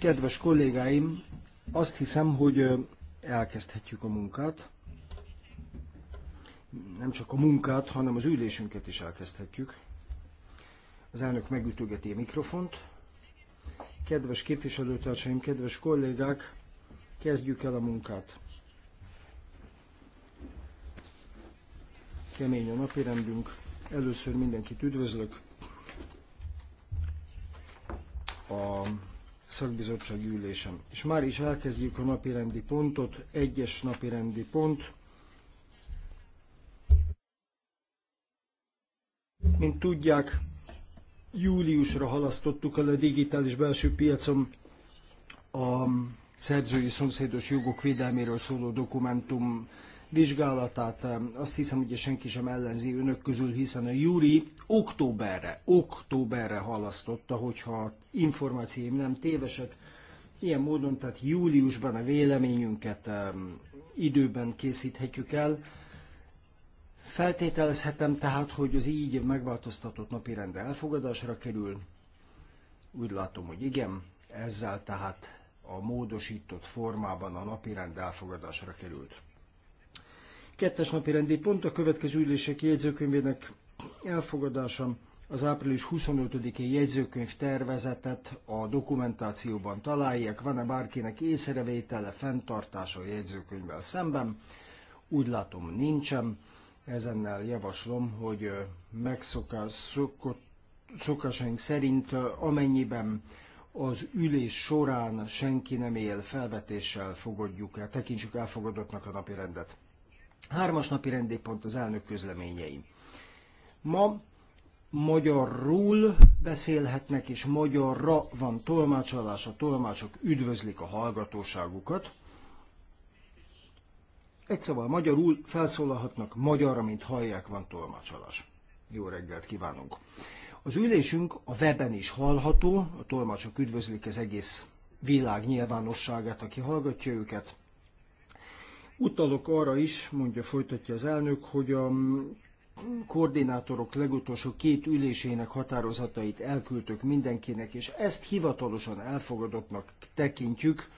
Kedves kollégáim, azt hiszem, hogy elkezdhetjük a munkát. Nem csak a munkát, hanem az ülésünket is elkezdhetjük. Az elnök megütögeti a mikrofont. Kedves képviselőtársaim, kedves kollégák, kezdjük el a munkát. Kemény a napirendünk. Először mindenkit üdvözlök a szakbizottsági ülésem. És már is elkezdjük a napirendi pontot, egyes napirendi pont. Mint tudják, júliusra halasztottuk el a digitális belső piacon a szerzői szomszédos jogok védelméről szóló dokumentum vizsgálatát. Azt hiszem, hogy senki sem ellenzi önök közül, hiszen a júri októberre, októberre halasztotta, hogyha információim nem tévesek, ilyen módon, tehát júliusban a véleményünket időben készíthetjük el. Feltételezhetem tehát, hogy az így megváltoztatott napirend elfogadásra kerül. Úgy látom, hogy igen, ezzel tehát a módosított formában a rend elfogadásra került. Kettes napi rendi pont a következő ülések jegyzőkönyvének elfogadása. Az április 25-i jegyzőkönyv tervezetet a dokumentációban találják. Van-e bárkinek észrevétele, fenntartása a jegyzőkönyvvel szemben? Úgy látom, nincsen. Ezennel javaslom, hogy megszokás, szokásaink szerint amennyiben az ülés során senki nem él felvetéssel fogadjuk el, tekintsük elfogadottnak a napi rendet. Hármas napi rendépont az elnök közleményei. Ma magyarul beszélhetnek, és magyarra van tolmácsolás, a tolmácsok üdvözlik a hallgatóságukat. Egy szóval magyarul felszólalhatnak, magyarra, mint hallják, van tolmácsolás. Jó reggelt kívánunk! Az ülésünk a weben is hallható, a tolmácsok üdvözlik az egész világ nyilvánosságát, aki hallgatja őket. Utalok arra is, mondja, folytatja az elnök, hogy a koordinátorok legutolsó két ülésének határozatait elküldtök mindenkinek, és ezt hivatalosan elfogadottnak tekintjük,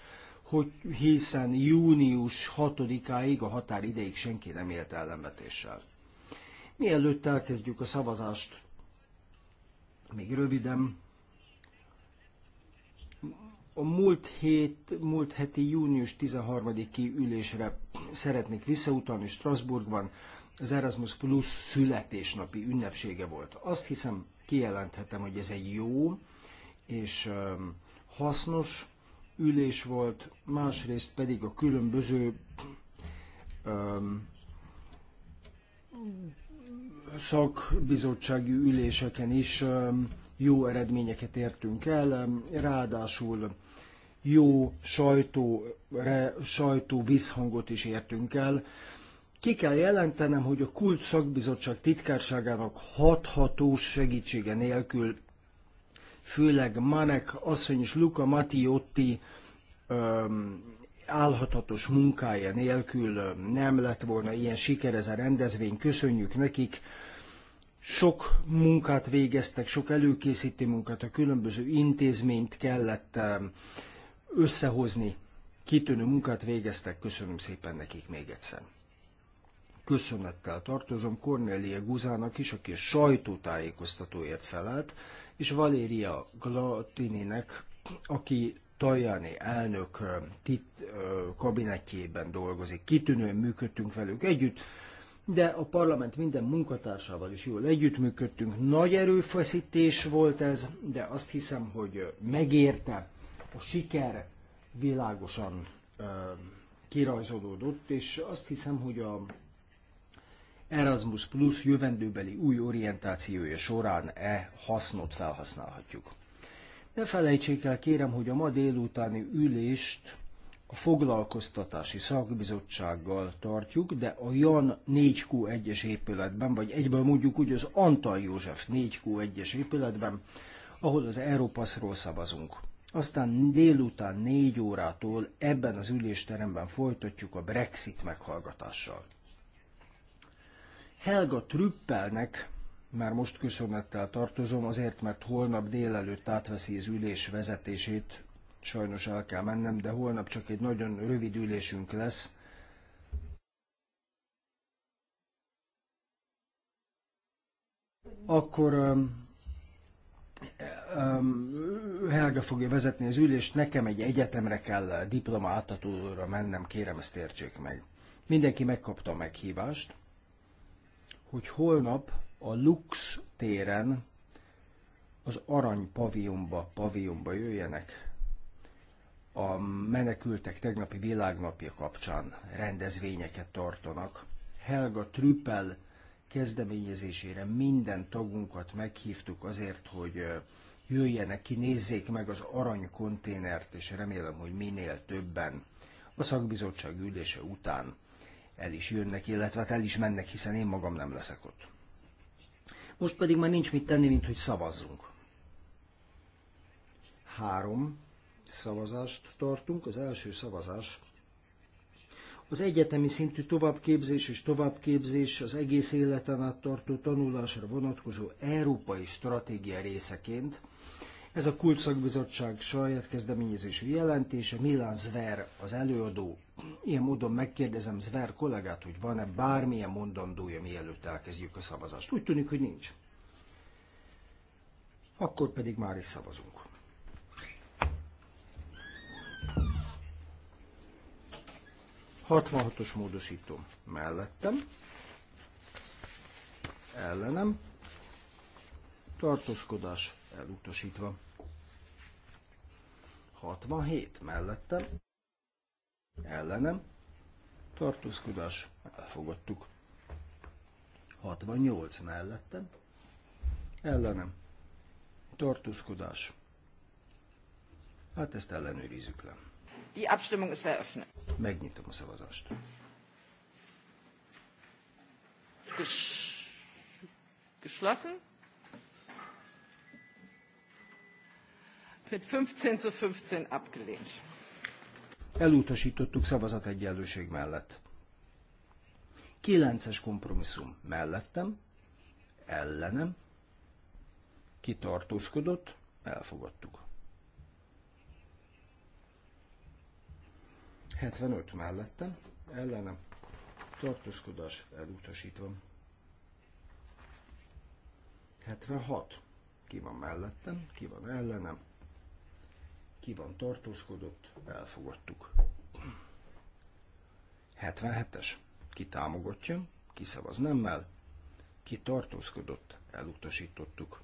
hogy hiszen június 6-áig a határideig senki nem élt ellenvetéssel. Mielőtt elkezdjük a szavazást, még röviden a múlt, hét, múlt heti június 13-i ülésre szeretnék visszautalni Strasbourgban, az Erasmus Plus születésnapi ünnepsége volt. Azt hiszem, kijelenthetem, hogy ez egy jó és hasznos ülés volt, másrészt pedig a különböző um, szakbizottsági üléseken is um, jó eredményeket értünk el, ráadásul jó sajtó, re, sajtó visszhangot is értünk el. Ki kell jelentenem, hogy a Kult Szakbizottság titkárságának hathatós segítsége nélkül, főleg Manek asszony és Luca Matiotti öm, álhatatos munkája nélkül nem lett volna ilyen siker ez a rendezvény. Köszönjük nekik! Sok munkát végeztek, sok előkészítő munkát, a különböző intézményt kellett um, összehozni. Kitűnő munkát végeztek, köszönöm szépen nekik még egyszer. Köszönettel tartozom Cornelia Guzának is, aki a sajtótájékoztatóért felelt, és Valéria Glatininek, aki Tajani elnök um, tit uh, kabinetjében dolgozik. Kitűnően működtünk velük együtt, de a parlament minden munkatársával is jól együttműködtünk. Nagy erőfeszítés volt ez, de azt hiszem, hogy megérte a siker világosan ö, kirajzolódott, és azt hiszem, hogy a Erasmus Plus jövendőbeli új orientációja során e hasznot felhasználhatjuk. Ne felejtsék el, kérem, hogy a ma délutáni ülést a foglalkoztatási szakbizottsággal tartjuk, de a Jan 4Q1-es épületben, vagy egyből mondjuk úgy az Antal József 4Q1-es épületben, ahol az Európaszról szavazunk. Aztán délután 4 órától ebben az ülésteremben folytatjuk a Brexit meghallgatással. Helga Trüppelnek már most köszönettel tartozom, azért, mert holnap délelőtt átveszi az ülés vezetését, sajnos el kell mennem, de holnap csak egy nagyon rövid ülésünk lesz. Akkor um, um, Helga fogja vezetni az ülést, nekem egy egyetemre kell diploma átadóra mennem, kérem ezt értsék meg. Mindenki megkapta a meghívást, hogy holnap a Lux téren az Arany paviumba, paviumba jöjjenek, a menekültek tegnapi világnapja kapcsán rendezvényeket tartanak. Helga Trüppel kezdeményezésére minden tagunkat meghívtuk azért, hogy jöjjenek ki, nézzék meg az aranykonténert, és remélem, hogy minél többen a szakbizottság ülése után el is jönnek, illetve hát el is mennek, hiszen én magam nem leszek ott. Most pedig már nincs mit tenni, mint hogy szavazzunk. Három szavazást tartunk. Az első szavazás az egyetemi szintű továbbképzés és továbbképzés az egész életen át tartó tanulásra vonatkozó európai stratégia részeként. Ez a Kultszakbizottság saját kezdeményezésű jelentése, Milán Zver az előadó. Ilyen módon megkérdezem Zver kollégát, hogy van-e bármilyen mondandója, mielőtt elkezdjük a szavazást. Úgy tűnik, hogy nincs. Akkor pedig már is szavazunk. 66-os módosító mellettem, ellenem, tartózkodás elutasítva. 67 mellettem, ellenem, tartózkodás elfogadtuk. 68 mellettem, ellenem, tartózkodás. Hát ezt ellenőrizzük le. Die Abstimmung ist eröffnet. Megnyitom a szavazást. geschlossen. Mit 15 zu 15 abgelehnt. Elutasítottuk szavazat egyenlőség mellett. Kilences kompromisszum mellettem, ellenem, kitartózkodott, elfogadtuk. 75 mellettem, ellenem, tartózkodás elutasítva. 76. Ki van mellettem, ki van ellenem, ki van tartózkodott, elfogadtuk. 77-es. Ki támogatja, ki szavaz nemmel, ki tartózkodott, elutasítottuk.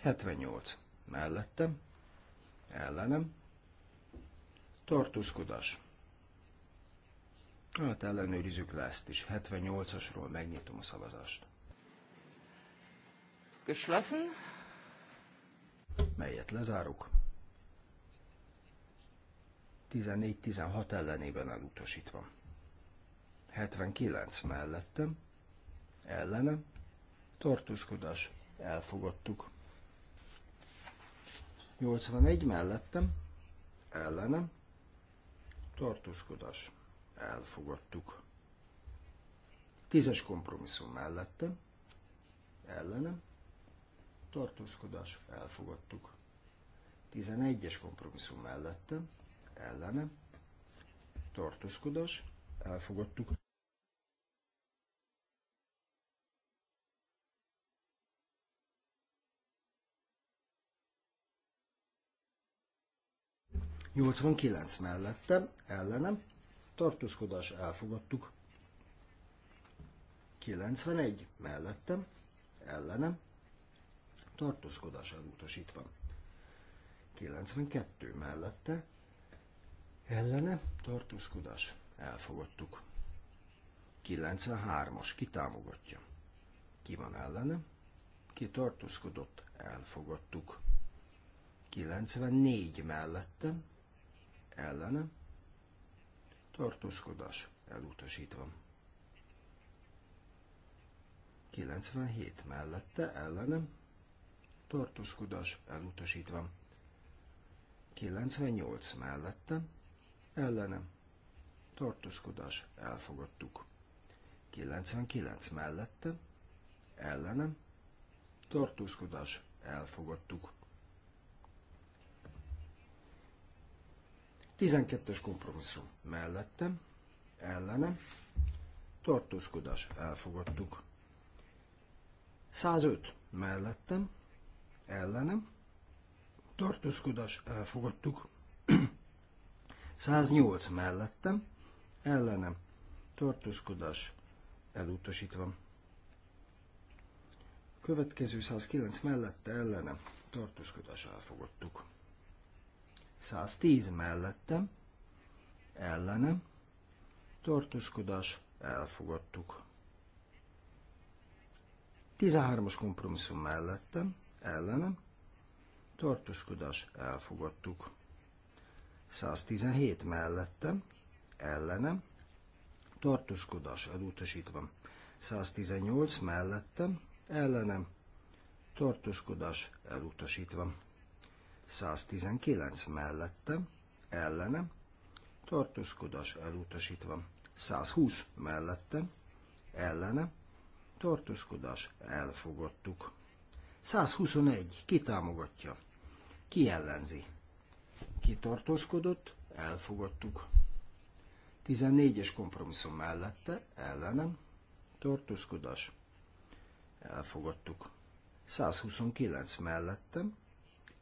78. Mellettem, ellenem, tartózkodás, Hát ellenőrizzük le ezt is. 78-asról megnyitom a szavazást. Geschlossen. Melyet lezárok. 14-16 ellenében elutasítva. 79 mellettem, ellenem, tartózkodás, elfogadtuk. 81 mellettem, ellenem, tartózkodás, elfogadtuk. Tízes kompromisszum mellette, ellenem, tartózkodás, elfogadtuk. Tizenegyes kompromisszum mellette, ellenem, tartózkodás, elfogadtuk. Nyolcvankilenc mellette, ellenem, tartózkodás elfogadtuk. 91 mellettem, ellenem, tartózkodás elutasítva. 92 mellette, ellene, tartózkodás elfogadtuk. 93-as kitámogatja. Ki van ellene? Ki tartózkodott? Elfogadtuk. 94 mellettem, ellenem, tartózkodás elutasítva. 97 mellette ellenem tartózkodás elutasítva. 98 mellette ellenem tartózkodás elfogadtuk. 99 mellette ellenem tartózkodás elfogadtuk. 12-es kompromisszum mellettem, ellenem, tartózkodás elfogadtuk. 105 mellettem, ellenem, tartózkodás elfogadtuk. 108 mellettem, ellenem, tartózkodás elutasítva. Következő 109 mellette ellenem tartózkodás elfogadtuk. 110 mellettem, ellenem, tartózkodás, elfogadtuk. 13-as kompromisszum mellettem, ellenem, tartózkodás, elfogadtuk. 117 mellettem, ellenem, tartózkodás elutasítva. 118 mellettem, ellenem, tartózkodás elutasítva. 119 mellette, ellene, tartózkodás elutasítva. 120 mellette, ellene, tartózkodás elfogadtuk. 121 kitámogatja, ki ellenzi. Ki tartózkodott, elfogadtuk. 14-es kompromisszum mellette, ellenem, tartózkodás, elfogadtuk. 129 mellettem,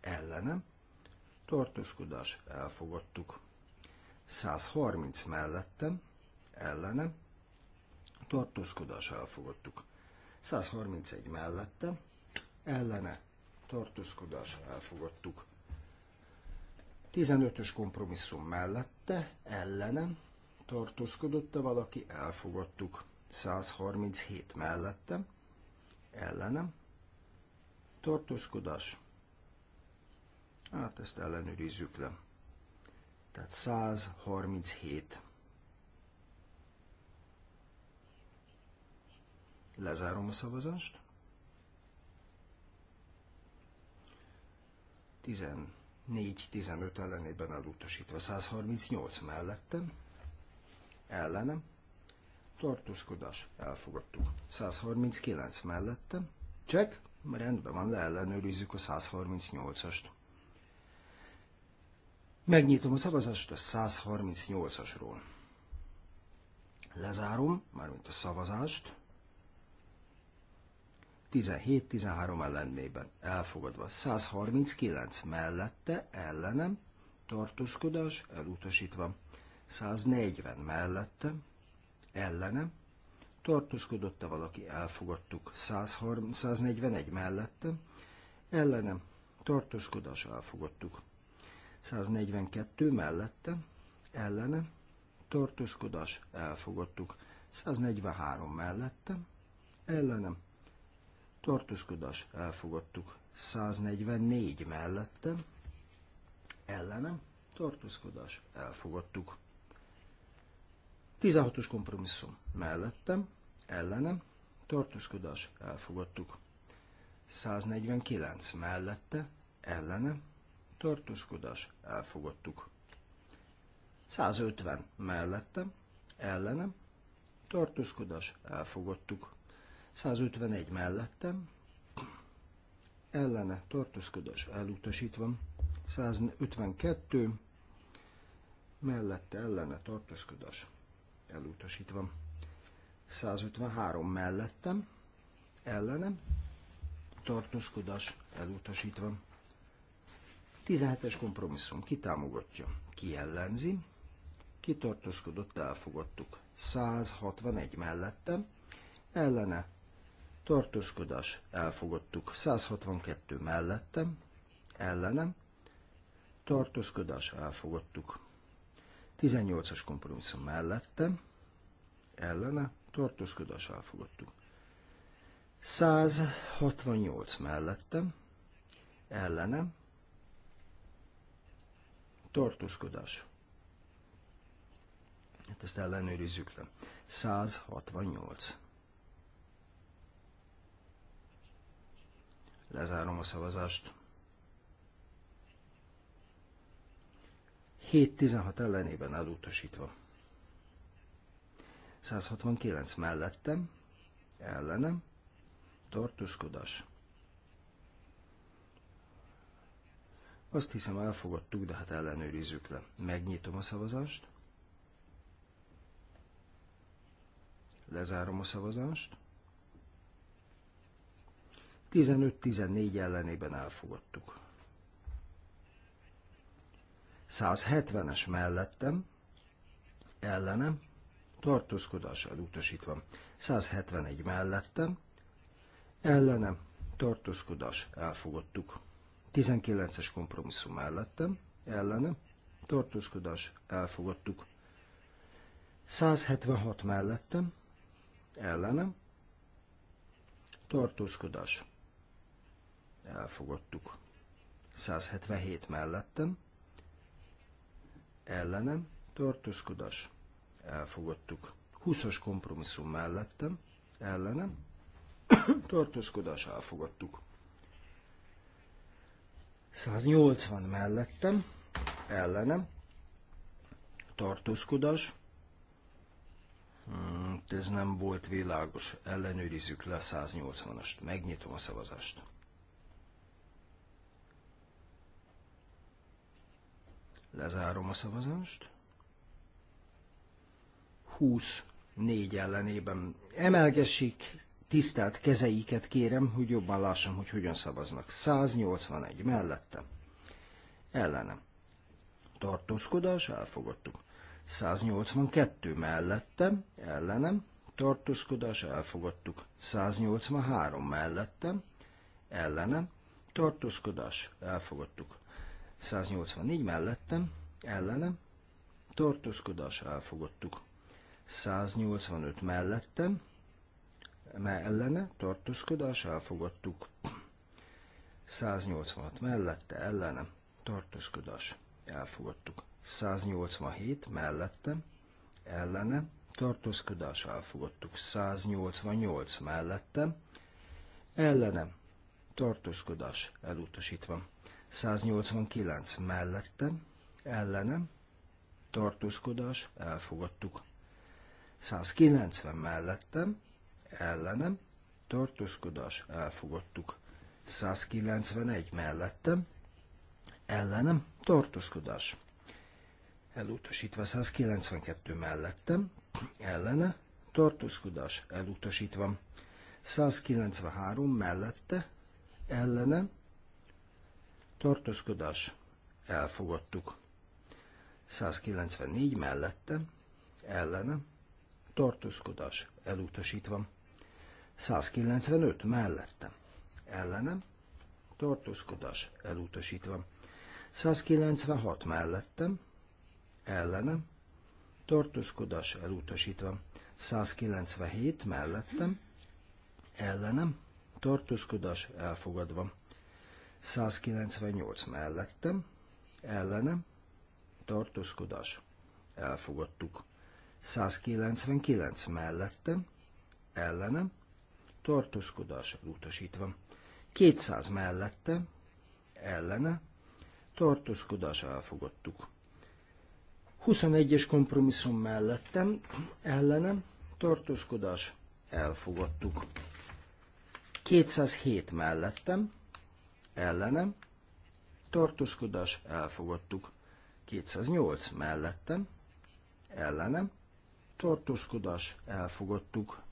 ellene. tartózkodás elfogadtuk. 130 mellettem, ellene. tartózkodás elfogadtuk. 131 mellette ellene, tartózkodás elfogadtuk. 15-ös kompromisszum mellette, ellene. tartózkodott-e valaki, elfogadtuk. 137 mellette ellene. tartózkodás Hát ezt ellenőrizzük le. Tehát 137. Lezárom a szavazást. 14-15 ellenében elutasítva, 138 mellettem, ellenem, tartózkodás, elfogadtuk. 139 mellettem, Csak, rendben van, leellenőrizzük a 138-ast. Megnyitom a szavazást a 138-asról. Lezárom, mármint a szavazást. 17-13 ellenmében elfogadva. 139 mellette, ellenem, tartózkodás elutasítva. 140 mellette, ellenem, tartózkodott-e valaki, elfogadtuk. 130, 141 mellette, ellenem, tartózkodás elfogadtuk. 142 mellette, ellene, tartózkodás, elfogadtuk. 143 mellette, ellenem, tartózkodás, elfogadtuk. 144 mellette, ellenem, tartózkodás, elfogadtuk. 16-os kompromisszum mellettem, ellenem, tartózkodás, elfogadtuk. 149 mellette, ellenem, tartózkodás, elfogadtuk. 150 mellettem, ellenem, tartózkodás, elfogadtuk. 151 mellettem, ellene, tartózkodás, elutasítva. 152 mellette, ellene, tartózkodás, elutasítva. 153 mellettem, ellenem, tartózkodás, elutasítva. 17-es kompromisszum kitámogatja, ki ellenzi, kitartózkodott, elfogadtuk. 161 mellette, ellene, tartózkodás, elfogadtuk. 162 mellette, ellenem, tartózkodás, elfogadtuk. 18-as kompromisszum mellette, ellene, tartózkodás, elfogadtuk. 168 mellettem, ellenem, tartózkodás. Hát ezt ellenőrizzük le. 168. Lezárom a szavazást. 7-16 ellenében elutasítva. 169 mellettem, ellenem, tartózkodás. Azt hiszem elfogadtuk, de hát ellenőrizzük le. Megnyitom a szavazást. Lezárom a szavazást. 15-14 ellenében elfogadtuk. 170-es mellettem, ellenem, tartózkodással utasítva. 171 mellettem, ellenem, tartózkodás elfogadtuk. 19-es kompromisszum mellettem, ellenem, tartózkodás, elfogadtuk. 176 mellettem, ellenem, tartózkodás, elfogadtuk. 177 mellettem, ellenem, tartózkodás, elfogadtuk. 20-as kompromisszum mellettem, ellenem, tartózkodás, elfogadtuk. 180 mellettem, ellenem, tartózkodás, hmm, ez nem volt világos, ellenőrizzük le a 180-ast, megnyitom a szavazást. Lezárom a szavazást. 24 ellenében emelgesik, tisztelt kezeiket kérem, hogy jobban lássam, hogy hogyan szavaznak. 181 mellette. Ellenem. Tartózkodás, elfogadtuk. 182 mellettem, ellenem, tartózkodás, elfogadtuk. 183 mellettem, ellenem, tartózkodás, elfogadtuk. 184 mellettem, ellenem, tartózkodás, elfogadtuk. 185 mellettem, ellene tartózkodás elfogadtuk. 186 mellette ellene tartózkodás elfogadtuk. 187 mellette ellene tartózkodás elfogadtuk. 188 mellette ellene tartózkodás elutasítva. 189 mellette ellene tartózkodás elfogadtuk. 190 mellettem, ellenem, tartózkodás, elfogadtuk. 191 mellettem, ellenem, tartózkodás. Elutasítva 192 mellettem, ellene, tartózkodás, elutasítva. 193 mellette, ellene, tartózkodás, elfogadtuk. 194 mellette, ellene, tartózkodás, elutasítva. 195 mellettem. Ellenem. Tartózkodás elutasítva. 196 mellettem. Ellenem. Tartózkodás elutasítva. 197 mellettem. Ellenem. Tartózkodás elfogadva. 198 mellettem. Ellenem. Tartózkodás. Elfogadtuk. 199 mellettem. Ellenem tartózkodásra utasítva. 200 mellette, ellene, tartózkodás elfogadtuk. 21-es kompromisszum mellettem, ellenem, tartózkodás elfogadtuk. 207 mellettem, ellenem, tartózkodás elfogadtuk. 208 mellettem, ellenem, tartózkodás elfogadtuk.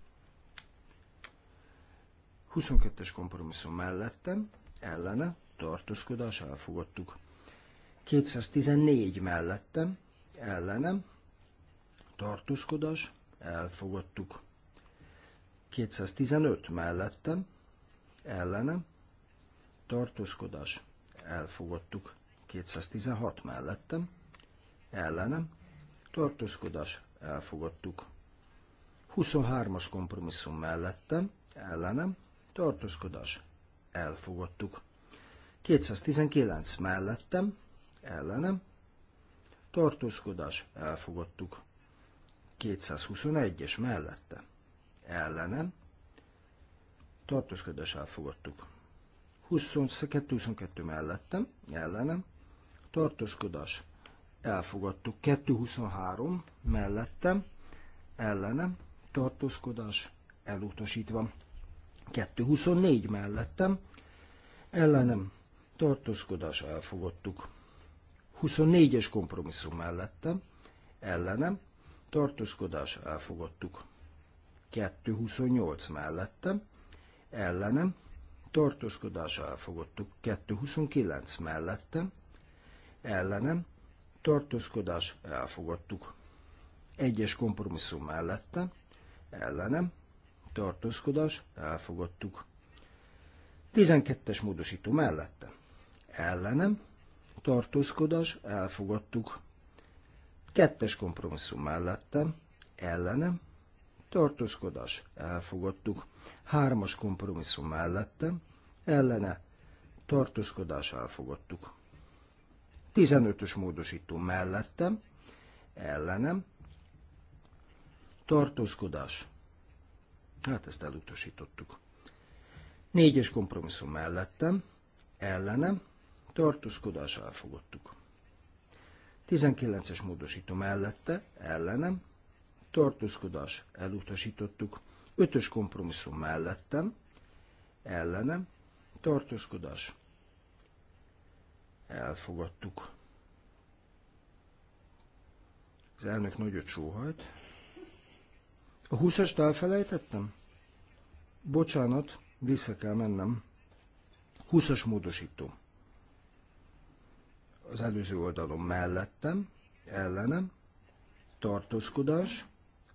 22-es kompromisszum mellettem, ellene, tartózkodás, elfogadtuk. 214 mellettem, ellenem, tartózkodás, elfogadtuk. 215 mellettem, ellenem, tartózkodás, elfogadtuk. 216 mellettem, ellenem, tartózkodás, elfogadtuk. 23-as kompromisszum mellettem, ellenem, tartózkodás, elfogadtuk. 219 mellettem, ellenem, tartózkodás, elfogadtuk. 221-es mellette, ellenem, tartózkodás, elfogadtuk. 22-22 mellettem, ellenem, tartózkodás, elfogadtuk. 223 mellettem, ellenem, tartózkodás, elutasítva. 224 mellettem, ellenem tartózkodás elfogadtuk. 24-es kompromisszum mellettem, ellenem tartózkodás elfogadtuk. 228 mellettem, ellenem tartózkodás elfogadtuk. 229 mellettem, ellenem tartózkodás elfogadtuk. Egyes kompromisszum mellettem, ellenem tartózkodás, elfogadtuk. 12-es módosító mellette, ellenem, tartózkodás, elfogadtuk. Kettes kompromisszum mellette, ellenem, tartózkodás, elfogadtuk. Hármas kompromisszum mellette, ellene, tartózkodás, elfogadtuk. 15-ös módosító mellettem, ellenem, tartózkodás, Hát ezt elutasítottuk. Négyes kompromisszum mellettem, ellenem, tartózkodás elfogadtuk. 19-es módosító mellette, ellenem, tartózkodás elutasítottuk. 5-ös kompromisszum mellettem, ellenem, tartózkodás elfogadtuk. Az elnök nagyot sóhajt. A húszast elfelejtettem? Bocsánat, vissza kell mennem. Húszas módosító. Az előző oldalon mellettem, ellenem, tartózkodás,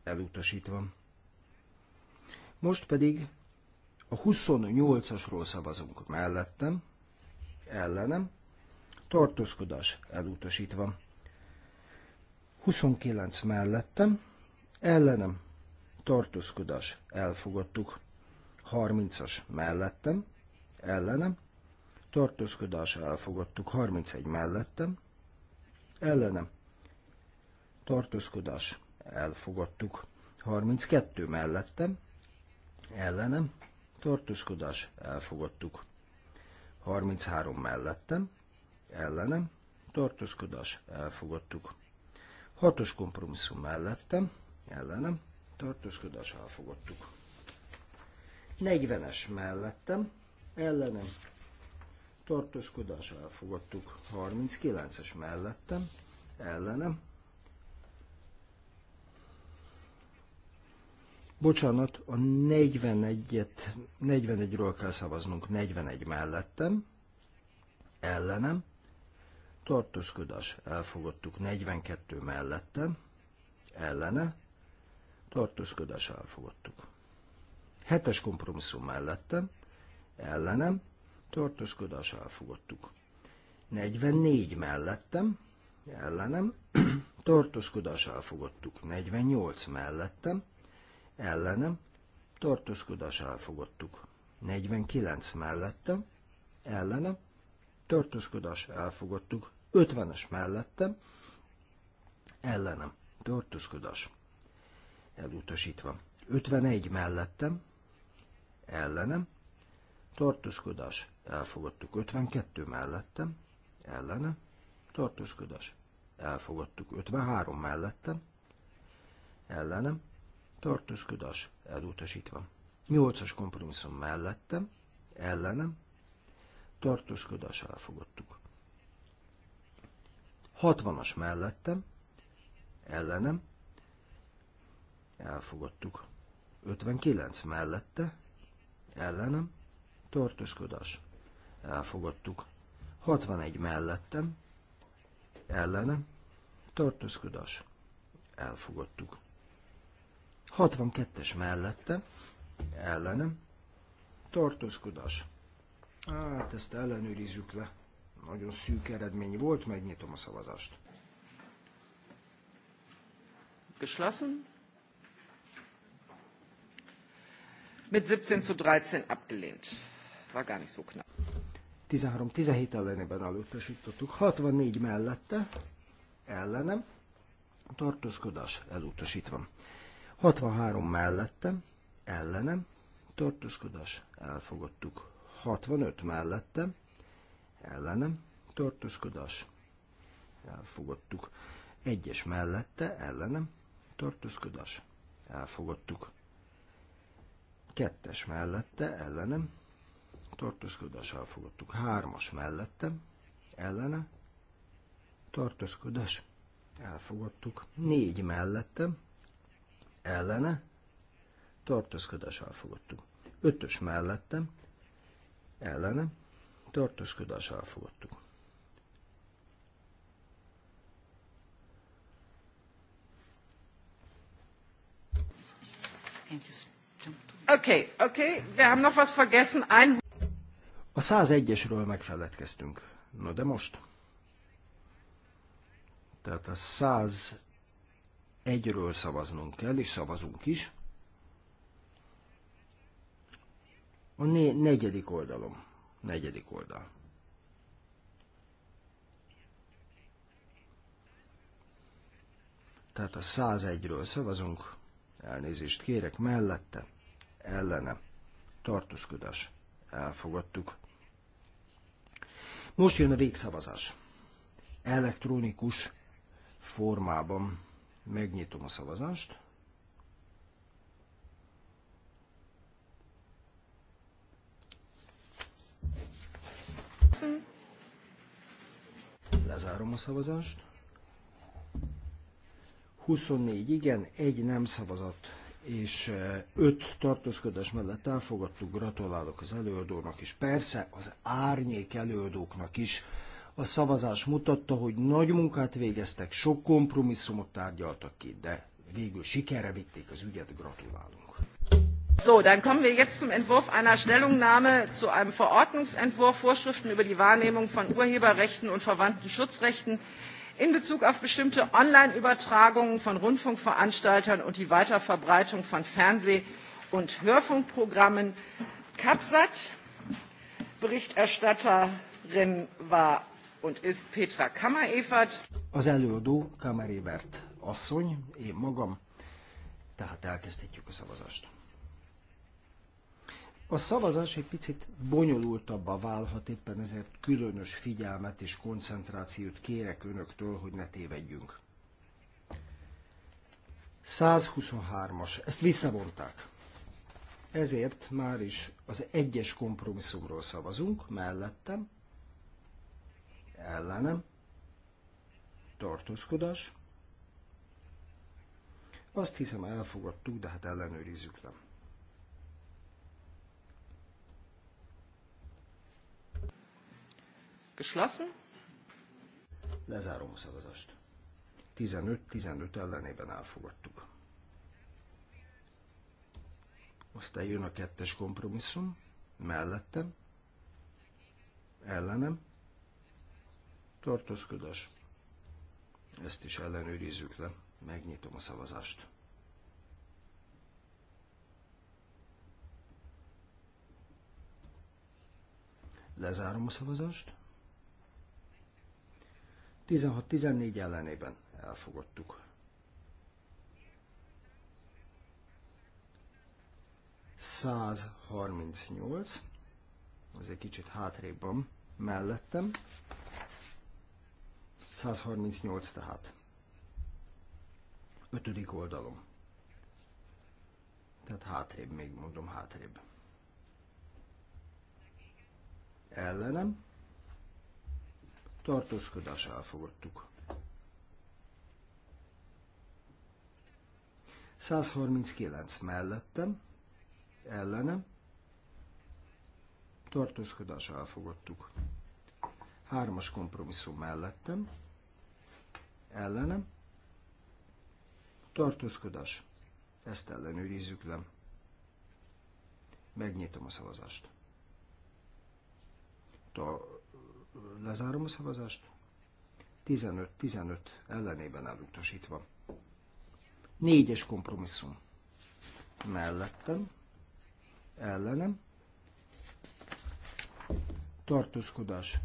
elutasítva. Most pedig a 28-asról szavazunk mellettem, ellenem, tartózkodás elutasítva. 29 mellettem, ellenem, tartózkodás, elfogadtuk. 30-as mellettem, ellenem, tartózkodás, elfogadtuk. 31 mellettem, ellenem, tartózkodás, elfogadtuk. 32 mellettem, ellenem, tartózkodás, elfogadtuk. 33 mellettem, ellenem, tartózkodás, elfogadtuk. 6-os kompromisszum mellettem, ellenem, tartózkodás elfogadtuk. 40-es mellettem, ellenem, tartózkodás elfogadtuk. 39-es mellettem, ellenem. Bocsánat, a 41-et, 41-ről kell szavaznunk, 41 mellettem, ellenem, tartózkodás elfogadtuk 42 mellettem, ellene, tartózkodás elfogadtuk. Hetes kompromisszum mellettem, ellenem, tartózkodás elfogadtuk. 44 mellettem, ellenem, tartózkodás elfogadtuk. 48 mellettem, ellenem, tartózkodás elfogadtuk. 49 mellettem, ellenem, tartózkodás elfogadtuk. 50-es mellettem, ellenem, tartózkodás elutasítva. 51 mellettem, ellenem, tartózkodás, elfogadtuk 52 mellettem, ellenem, tartózkodás, elfogadtuk 53 mellettem, ellenem, tartózkodás, elutasítva. 8-as kompromisszum mellettem, ellenem, tartózkodás, elfogadtuk. 60-as mellettem, ellenem, elfogadtuk. 59 mellette, ellenem, tartózkodás, elfogadtuk. 61 mellettem, ellenem, tartózkodás, elfogadtuk. 62-es mellette, ellenem, tartózkodás. Hát ezt ellenőrizzük le. Nagyon szűk eredmény volt, megnyitom a szavazást. Geschlossen? mit 17 zu 13 abgelehnt. War gar nicht so knapp. 13-17 ellenében elutasítottuk, 64 mellette, ellenem, tartózkodás elutasítva. 63 mellette ellenem, tartózkodás elfogadtuk. 65 mellette ellenem, tartózkodás elfogadtuk. Egyes mellette, ellenem, tartózkodás elfogadtuk. Kettes mellette, ellenem. Tartózkodás elfogadtuk. Hármas mellette, ellene. Tartózkodás elfogadtuk. Négy mellette, ellene. Tartózkodás elfogadtuk. Ötös mellette, ellene. Tartózkodás elfogadtuk. Thank you. Okay, okay, wir haben noch was vergessen. Ein... A 101-esről megfeledkeztünk. Na de most? Tehát a 101-ről szavaznunk kell, és szavazunk is. A né- negyedik oldalom. Negyedik oldal. Tehát a 101-ről szavazunk. Elnézést kérek mellette ellene tartózkodás elfogadtuk. Most jön a végszavazás. Elektronikus formában megnyitom a szavazást. Lezárom a szavazást. 24 igen, egy nem szavazat és öt tartózkodás mellett elfogadtuk, gratulálok az előadónak is. Persze az árnyék előadóknak is. A szavazás mutatta, hogy nagy munkát végeztek, sok kompromisszumot tárgyaltak ki, de végül sikerre vitték az ügyet, gratulálunk. So, dann kommen wir jetzt zum Entwurf einer Stellungnahme zu einem Verordnungsentwurf Vorschriften über die Wahrnehmung von Urheberrechten und verwandten Schutzrechten in bezug auf bestimmte online übertragungen von rundfunkveranstaltern und die weiterverbreitung von fernseh und hörfunkprogrammen cabsat berichterstatterin war und ist Petra kammerevert Az előadó kammerevert asszony, én magam, tehát elkezdhetjük a szavazást. A szavazás egy picit bonyolultabbá válhat, éppen ezért különös figyelmet és koncentrációt kérek önöktől, hogy ne tévedjünk. 123-as, ezt visszavonták. Ezért már is az egyes kompromisszumról szavazunk, mellettem, ellenem, tartózkodás. Azt hiszem elfogadtuk, de hát ellenőrizzük nem. Geschlossen. Lezárom a szavazást. 15-15 ellenében elfogadtuk. Aztán jön a kettes kompromisszum, mellettem, ellenem, tartózkodás. Ezt is ellenőrizzük le, megnyitom a szavazást. Lezárom a szavazást. 15-15. 16-14 ellenében elfogadtuk. 138, az egy kicsit hátrébb van mellettem. 138 tehát. Ötödik oldalom. Tehát hátrébb, még mondom hátrébb. Ellenem tartózkodás elfogadtuk. 139 mellettem, ellenem, tartózkodás elfogadtuk. Hármas kompromisszum mellettem, ellenem, tartózkodás, ezt ellenőrizzük le. Megnyitom a szavazást. Lezárom a szavazást. 15-15 ellenében elutasítva. Négyes kompromisszum. Mellettem. Ellenem. Tartózkodás.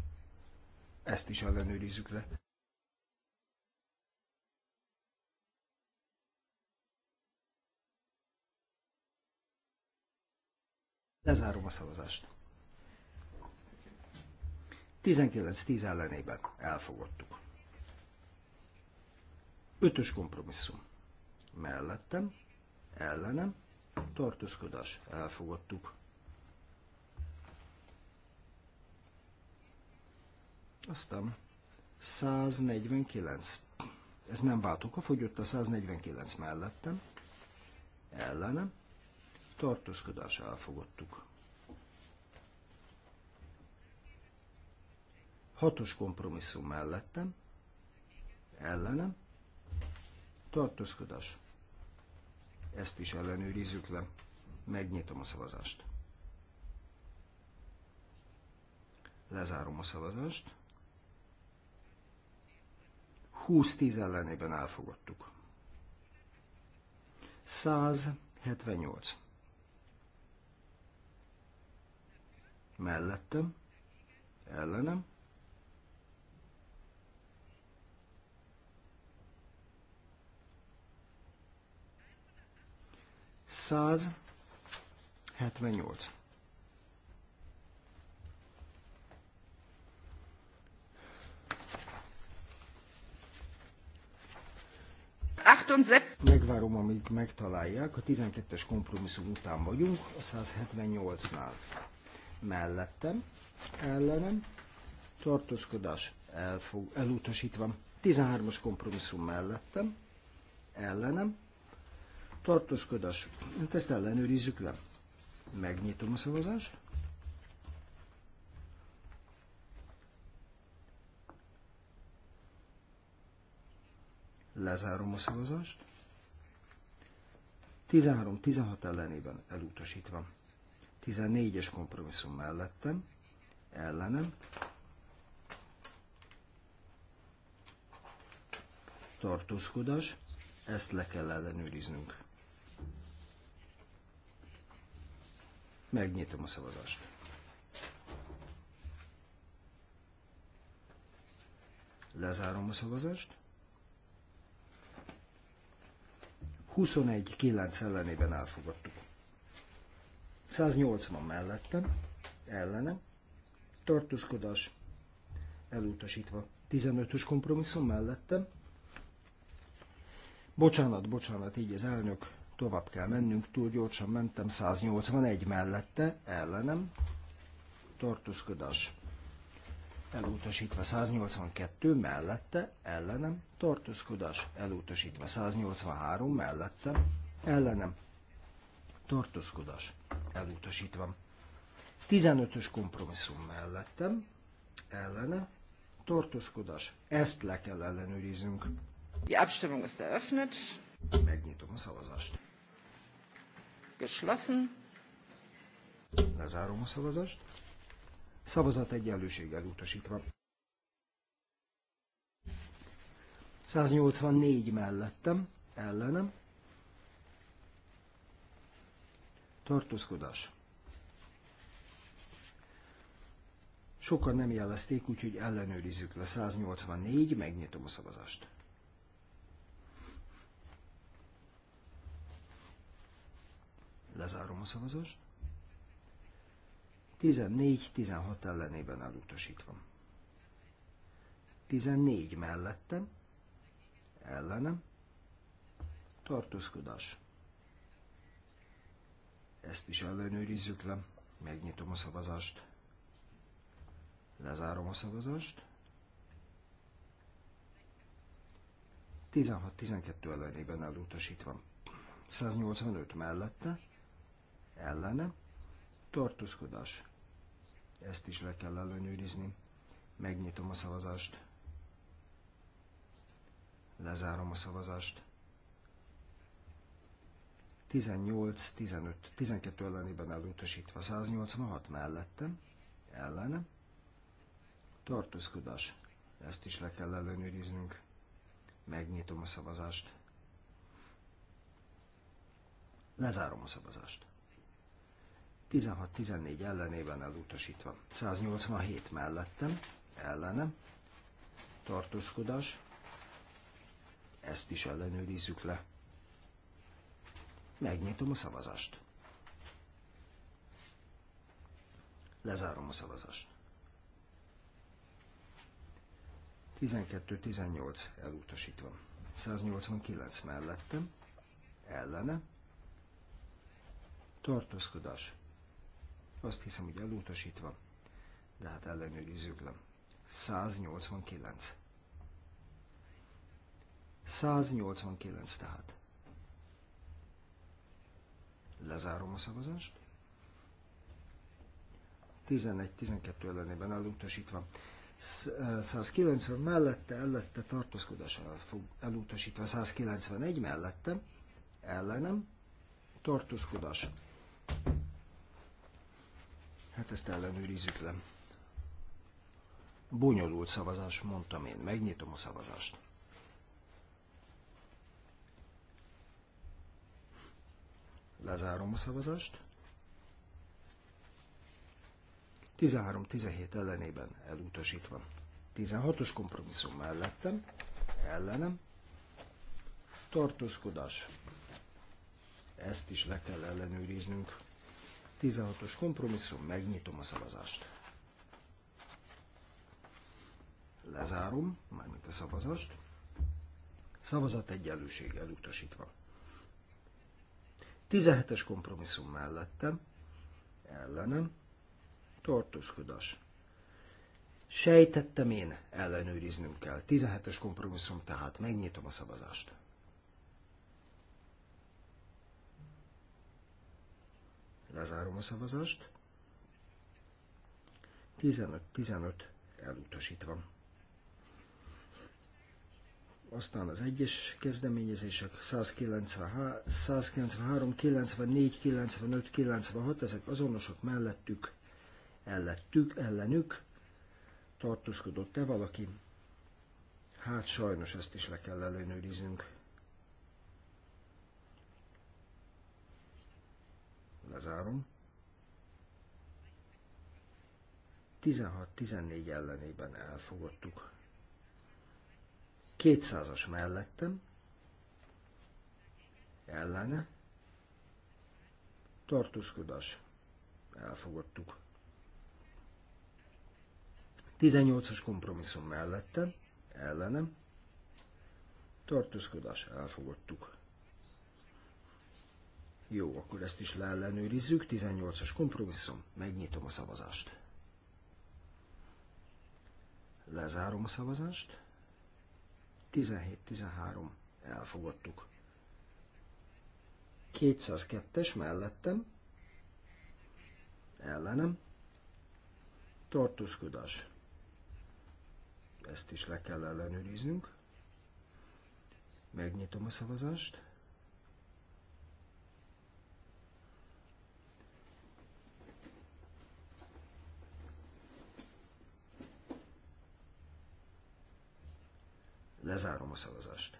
Ezt is ellenőrizzük le. Lezárom a szavazást. 19-10 ellenében elfogadtuk. Ötös kompromisszum. Mellettem, ellenem, tartózkodás, elfogadtuk. Aztán 149. Ez nem váltok, a fogyott a 149 mellettem, ellenem, tartózkodás, elfogadtuk. Hatos kompromisszum mellettem, ellenem, tartózkodás. Ezt is ellenőrizzük le. Megnyitom a szavazást. Lezárom a szavazást. 20-10 ellenében elfogadtuk. 178. Mellettem, ellenem, 178. Megvárom, amíg megtalálják, a 12-es kompromisszum után vagyunk, a 178-nál. Mellettem, ellenem, tartózkodás elfog, elutasítva. 13-as kompromisszum mellettem, ellenem, tartózkodás. Hát ezt ellenőrizzük le. Megnyitom a szavazást. Lezárom a szavazást. 13-16 ellenében elutasítva. 14-es kompromisszum mellettem, ellenem, tartózkodás, ezt le kell ellenőriznünk. Megnyitom a szavazást. Lezárom a szavazást. 21-9 ellenében elfogadtuk. 180 mellettem, ellenem, tartózkodás elutasítva. 15-ös kompromisszum mellettem. Bocsánat, bocsánat, így az elnök tovább kell mennünk, túl gyorsan mentem, 181 mellette, ellenem, tartózkodás elutasítva 182 mellette, ellenem, tartózkodás elutasítva 183 mellette, ellenem, tartózkodás elutasítva. 15-ös kompromisszum mellettem, ellene, tartózkodás, ezt le kell ellenőriznünk. Die Abstimmung ist eröffnet. Megnyitom a szavazást. Geschlossen. Lezárom a szavazást. Szavazat egyenlőséggel utasítva. 184 mellettem, ellenem. Tartózkodás. Sokan nem jelezték, úgyhogy ellenőrizzük le. 184, megnyitom a szavazást. Lezárom a szavazást. 14-16 ellenében elutasítva. 14 mellettem, ellenem, tartózkodás. Ezt is ellenőrizzük le, megnyitom a szavazást. Lezárom a szavazást. 16-12 ellenében elutasítva. 185 mellette, ellene, tartózkodás. Ezt is le kell ellenőrizni. Megnyitom a szavazást. Lezárom a szavazást. 18, 15, 12 ellenében elutasítva, 186 mellettem, ellenem, tartózkodás. Ezt is le kell ellenőriznünk. Megnyitom a szavazást. Lezárom a szavazást. 16-14 ellenében elutasítva. 187 mellettem, ellenem, tartózkodás, ezt is ellenőrizzük le. Megnyitom a szavazást. Lezárom a szavazást. 12-18 elutasítva. 189 mellettem, ellene, tartózkodás, azt hiszem, hogy elutasítva, de hát ellenőrizzük le. 189. 189 tehát. Lezárom a szavazást. 11-12 ellenében elutasítva. 190 mellette, ellette tartózkodás fog elutasítva. 191 mellette, ellenem tartózkodás Hát ezt ellenőrizzük le. Bonyolult szavazás, mondtam én. Megnyitom a szavazást. Lezárom a szavazást. 13-17 ellenében elutasítva. 16-os kompromisszum mellettem, ellenem, tartózkodás. Ezt is le kell ellenőriznünk. 16-os kompromisszum, megnyitom a szavazást. Lezárom, mármint a szavazást. Szavazat egyenlőség utasítva. 17-es kompromisszum mellettem, ellenem, tartózkodás. Sejtettem én, ellenőriznünk kell. 17-es kompromisszum, tehát megnyitom a szavazást. Lezárom a szavazást. 15-15 elutasítva. Aztán az egyes kezdeményezések 193, 94, 95, 96, ezek azonosak mellettük, ellettük, ellenük tartózkodott-e valaki? Hát sajnos ezt is le kell ellenőriznünk. Lezárom. 16-14 ellenében elfogadtuk. 200-as mellettem, ellene, tartózkodás, elfogadtuk. 18-as kompromisszum mellettem, ellenem, tartózkodás, elfogadtuk. Jó, akkor ezt is leellenőrizzük. 18-as kompromisszum. Megnyitom a szavazást. Lezárom a szavazást. 17-13. Elfogadtuk. 202-es mellettem. Ellenem. Tartózkodás. Ezt is le kell ellenőriznünk. Megnyitom a szavazást. 17-13. Lezárom a szavazást.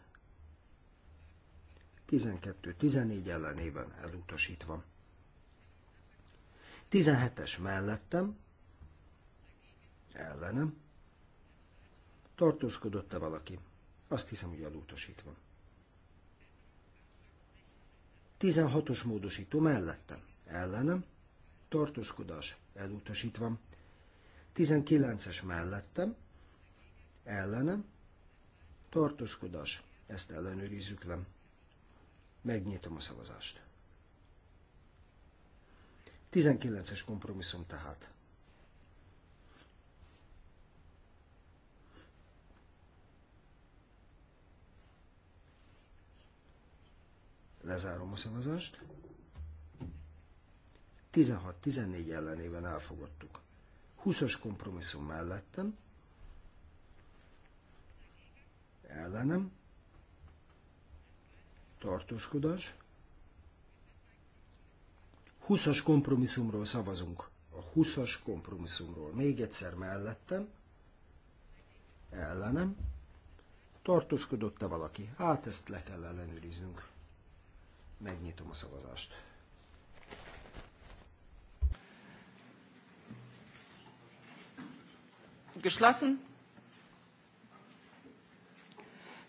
12-14 ellenében elutasítva. 17-es mellettem, ellenem. Tartózkodott-e valaki? Azt hiszem, hogy elutasítva. 16-os módosító mellettem, ellenem. Tartózkodás elutasítva. 19-es mellettem, ellenem tartózkodás, ezt ellenőrizzük le. Megnyitom a szavazást. 19-es kompromisszum tehát. Lezárom a szavazást. 16-14 ellenében elfogadtuk. 20-as kompromisszum mellettem, ellenem, tartózkodás. 20-as kompromisszumról szavazunk. A 20-as kompromisszumról. Még egyszer mellettem, ellenem, tartózkodott-e valaki? Hát ezt le kell ellenőriznünk. Megnyitom a szavazást. Geschlossen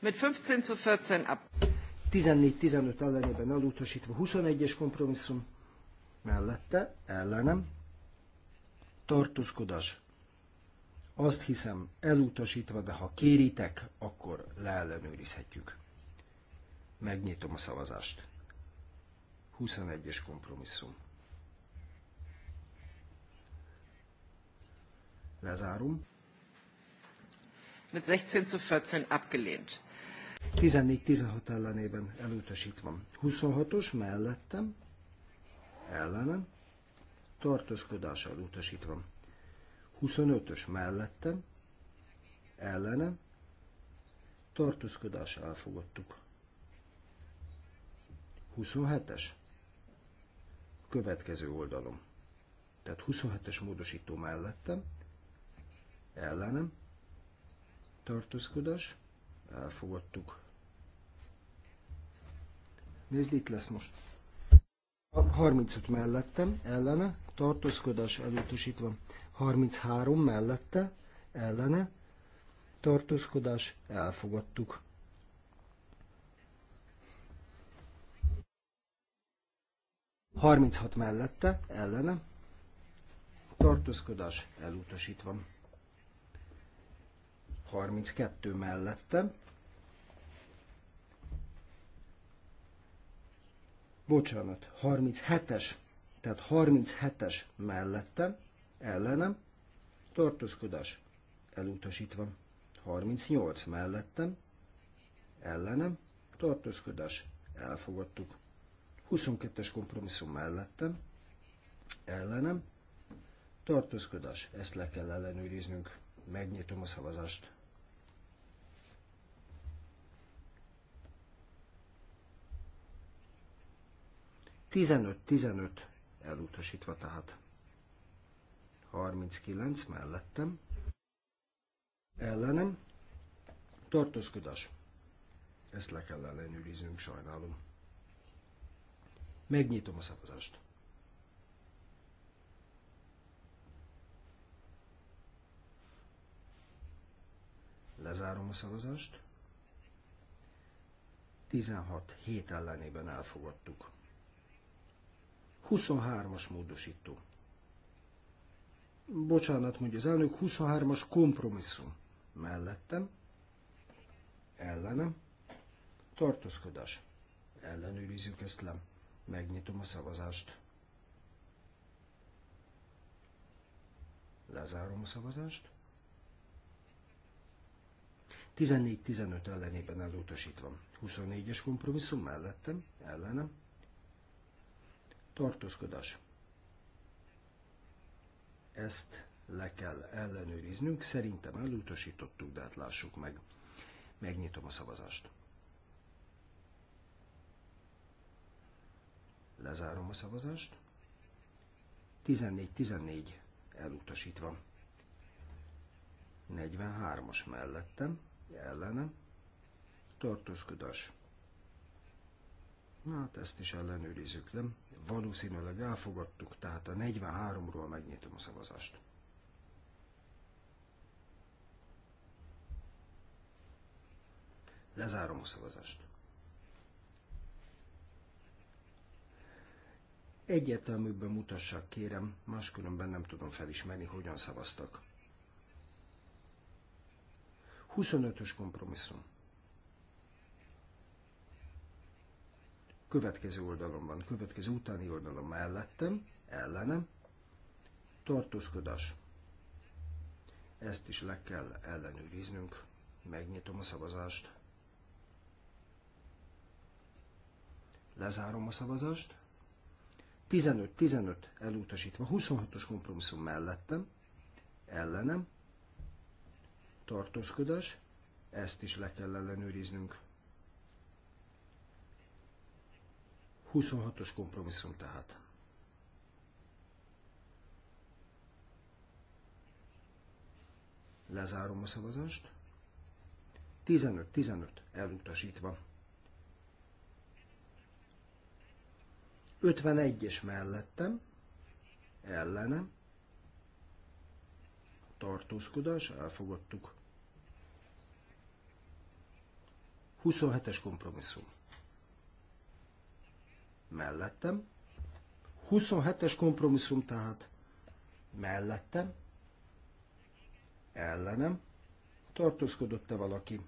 mit 15 zu 14 ab. 14-15 ellenében elutasítva 21-es kompromisszum, mellette ellenem tartózkodás. Azt hiszem elutasítva, de ha kéritek, akkor leellenőrizhetjük. Megnyitom a szavazást. 21-es kompromisszum. Lezárom. Mit 16 zu 14 abgelehnt. 14-16 ellenében elutasítva. 26-os mellettem, ellenem, tartózkodás elutasítva. 25-ös mellettem, ellenem, tartózkodás elfogadtuk. 27-es, következő oldalom. Tehát 27-es módosító mellettem, ellenem, tartózkodás, elfogadtuk. Nézd, itt lesz most. 35 mellettem, ellene, tartózkodás elutasítva. 33 mellette, ellene, tartózkodás elfogadtuk. Harminchat mellette, ellene, tartózkodás elutasítva. 32 mellettem. Bocsánat, 37-es, tehát 37-es mellettem, ellenem, tartózkodás elutasítva. 38 mellettem, ellenem, tartózkodás elfogadtuk. 22-es kompromisszum mellettem, ellenem, tartózkodás, ezt le kell ellenőriznünk. Megnyitom a szavazást. 15-15 elutasítva tehát. 39 mellettem. Ellenem. Tartózkodás. Ezt le kell ellenőriznünk, sajnálom. Megnyitom a szavazást. Lezárom a szavazást. 16 hét ellenében elfogadtuk. 23-as módosító. Bocsánat, mondja az elnök, 23-as kompromisszum. Mellettem, ellenem, tartózkodás. Ellenőrizzük ezt le. Megnyitom a szavazást. Lezárom a szavazást. 14-15 ellenében elutasítva. 24-es kompromisszum mellettem, ellenem, tartózkodás. Ezt le kell ellenőriznünk, szerintem elutasítottuk, de hát lássuk meg. Megnyitom a szavazást. Lezárom a szavazást. 14-14 elutasítva. 43-as mellettem, ellenem, tartózkodás Hát ezt is ellenőrizzük, nem? Valószínűleg elfogadtuk, tehát a 43-ról megnyitom a szavazást. Lezárom a szavazást. Egyértelműbben mutassák, kérem, máskülönben nem tudom felismerni, hogyan szavaztak. 25-ös kompromisszum. következő oldalon van, következő utáni oldalon mellettem, ellenem, tartózkodás. Ezt is le kell ellenőriznünk. Megnyitom a szavazást. Lezárom a szavazást. 15-15 elutasítva, 26-os kompromisszum mellettem, ellenem, tartózkodás, ezt is le kell ellenőriznünk. 26-os kompromisszum tehát. Lezárom a szavazást. 15-15 elutasítva. 51-es mellettem, ellenem, tartózkodás, elfogadtuk. 27-es kompromisszum mellettem, 27-es kompromisszum tehát mellettem, ellenem, tartózkodott-e valaki?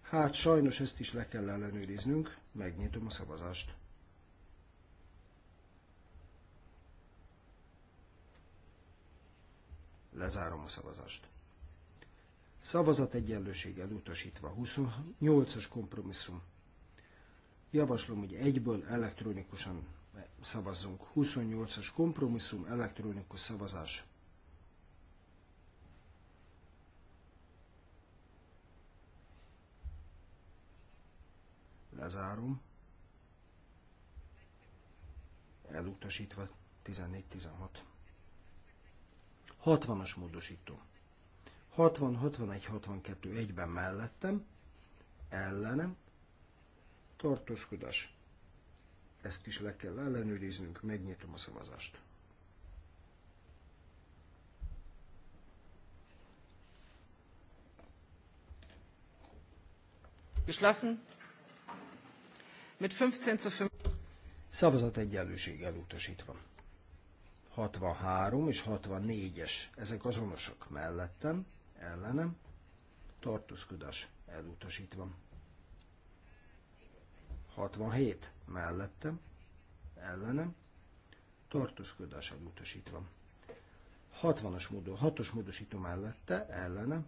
Hát sajnos ezt is le kell ellenőriznünk, megnyitom a szavazást. Lezárom a szavazást. Szavazat egyenlőség elutasítva, 28-as kompromisszum Javaslom, hogy egyből elektronikusan szavazzunk. 28-as kompromisszum, elektronikus szavazás. Lezárom. Elutasítva 14-16. 60-as módosító. 60, 61, 62 egyben mellettem, ellenem, tartózkodás. Ezt is le kell ellenőriznünk, megnyitom a szavazást. Geschlossen. Mit 15 zu 5. Szavazat egyenlőség elutasítva. 63 és 64-es, ezek azonosak mellettem, ellenem, tartózkodás elutasítva. 67 mellettem, ellenem, tartózkodással utasítva. 60-as módon, 6-os módosító mellette, ellenem,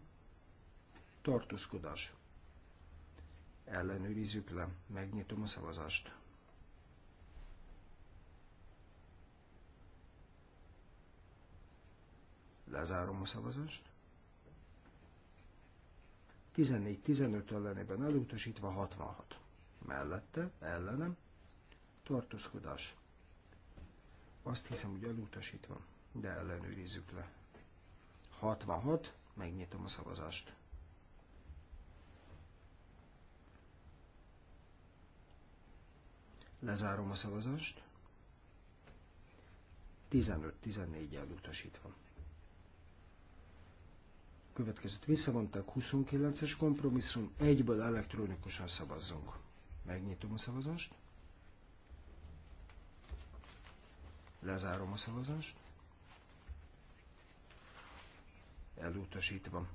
tartózkodás. Ellenőrizzük le, megnyitom a szavazást. Lezárom a szavazást. 14-15 ellenében elutasítva 66 mellette, ellenem, tartózkodás. Azt hiszem, hogy elutasítva, de ellenőrizzük le. 66, megnyitom a szavazást. Lezárom a szavazást. 15-14 elutasítva. Következőt visszavonták 29-es kompromisszum, egyből elektronikusan szavazzunk. Megnyitom a szavazást. Lezárom a szavazást. Elutasítva.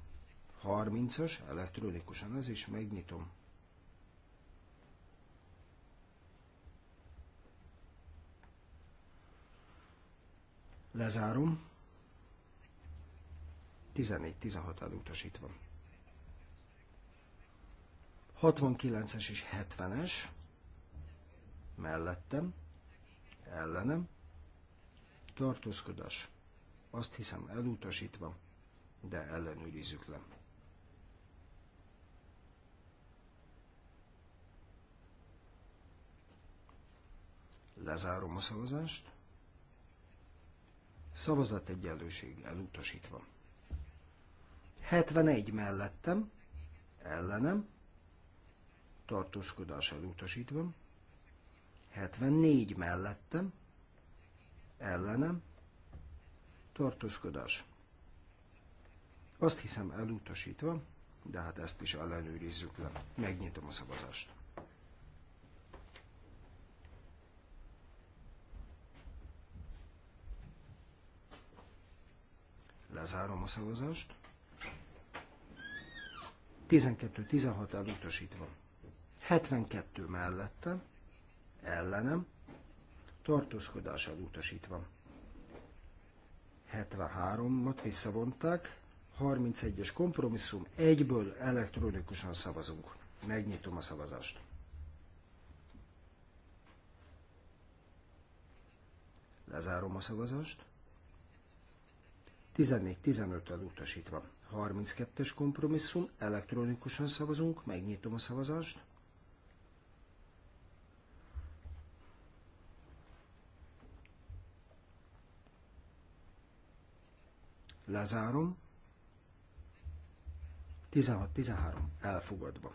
30-as, elektronikusan ez is, megnyitom. Lezárom. 14-16 elutasítva. 69-es és 70-es mellettem, ellenem, tartózkodás. Azt hiszem elutasítva, de ellenőrizzük le. Lezárom a szavazást. Szavazat egyenlőség elutasítva. 71 mellettem, ellenem, tartózkodás elutasítva, 74 mellettem, ellenem, tartózkodás. Azt hiszem elutasítva, de hát ezt is ellenőrizzük le. Megnyitom a szavazást. Lezárom a szavazást. 12-16 elutasítva. 72 mellette, ellenem, tartózkodással utasítva. 73-at visszavonták, 31-es kompromisszum, egyből elektronikusan szavazunk. Megnyitom a szavazást. Lezárom a szavazást. 14-15-tel utasítva. 32-es kompromisszum, elektronikusan szavazunk, megnyitom a szavazást. Lezárom. 16-13 elfogadva.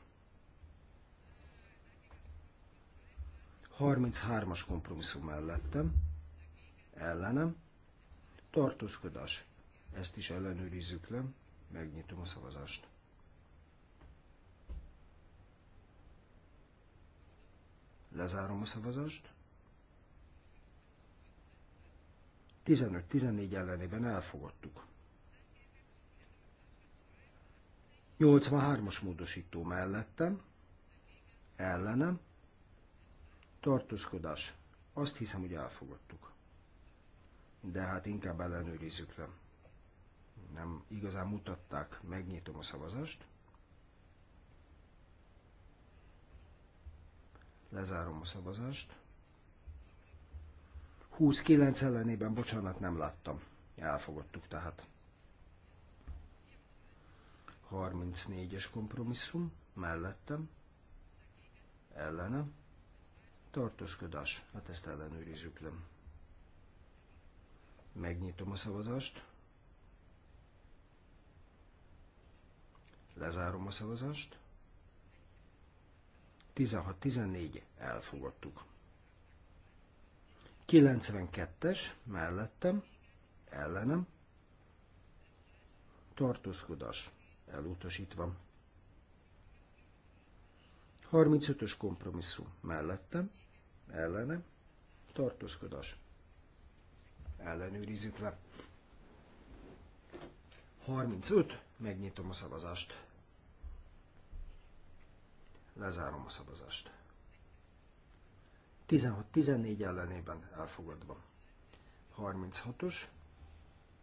33-as kompromisszum mellettem, ellenem, tartózkodás. Ezt is ellenőrizzük le, megnyitom a szavazást. Lezárom a szavazást. 15-14 ellenében elfogadtuk. 83-as módosító mellettem, ellenem, tartózkodás. Azt hiszem, hogy elfogadtuk. De hát inkább ellenőrizzük le. Nem igazán mutatták, megnyitom a szavazást. Lezárom a szavazást. 29 ellenében, bocsánat, nem láttam. Elfogadtuk tehát. 34-es kompromisszum, mellettem, ellenem, tartózkodás, hát ezt ellenőrizzük le. Megnyitom a szavazást, lezárom a szavazást, 16-14 elfogadtuk. 92-es mellettem, ellenem, tartózkodás elutasítva. 35-ös kompromisszum mellettem, ellenem, tartózkodás. Ellenőrizzük le. 35, megnyitom a szavazást. Lezárom a szavazást. 16-14 ellenében elfogadva. 36-os,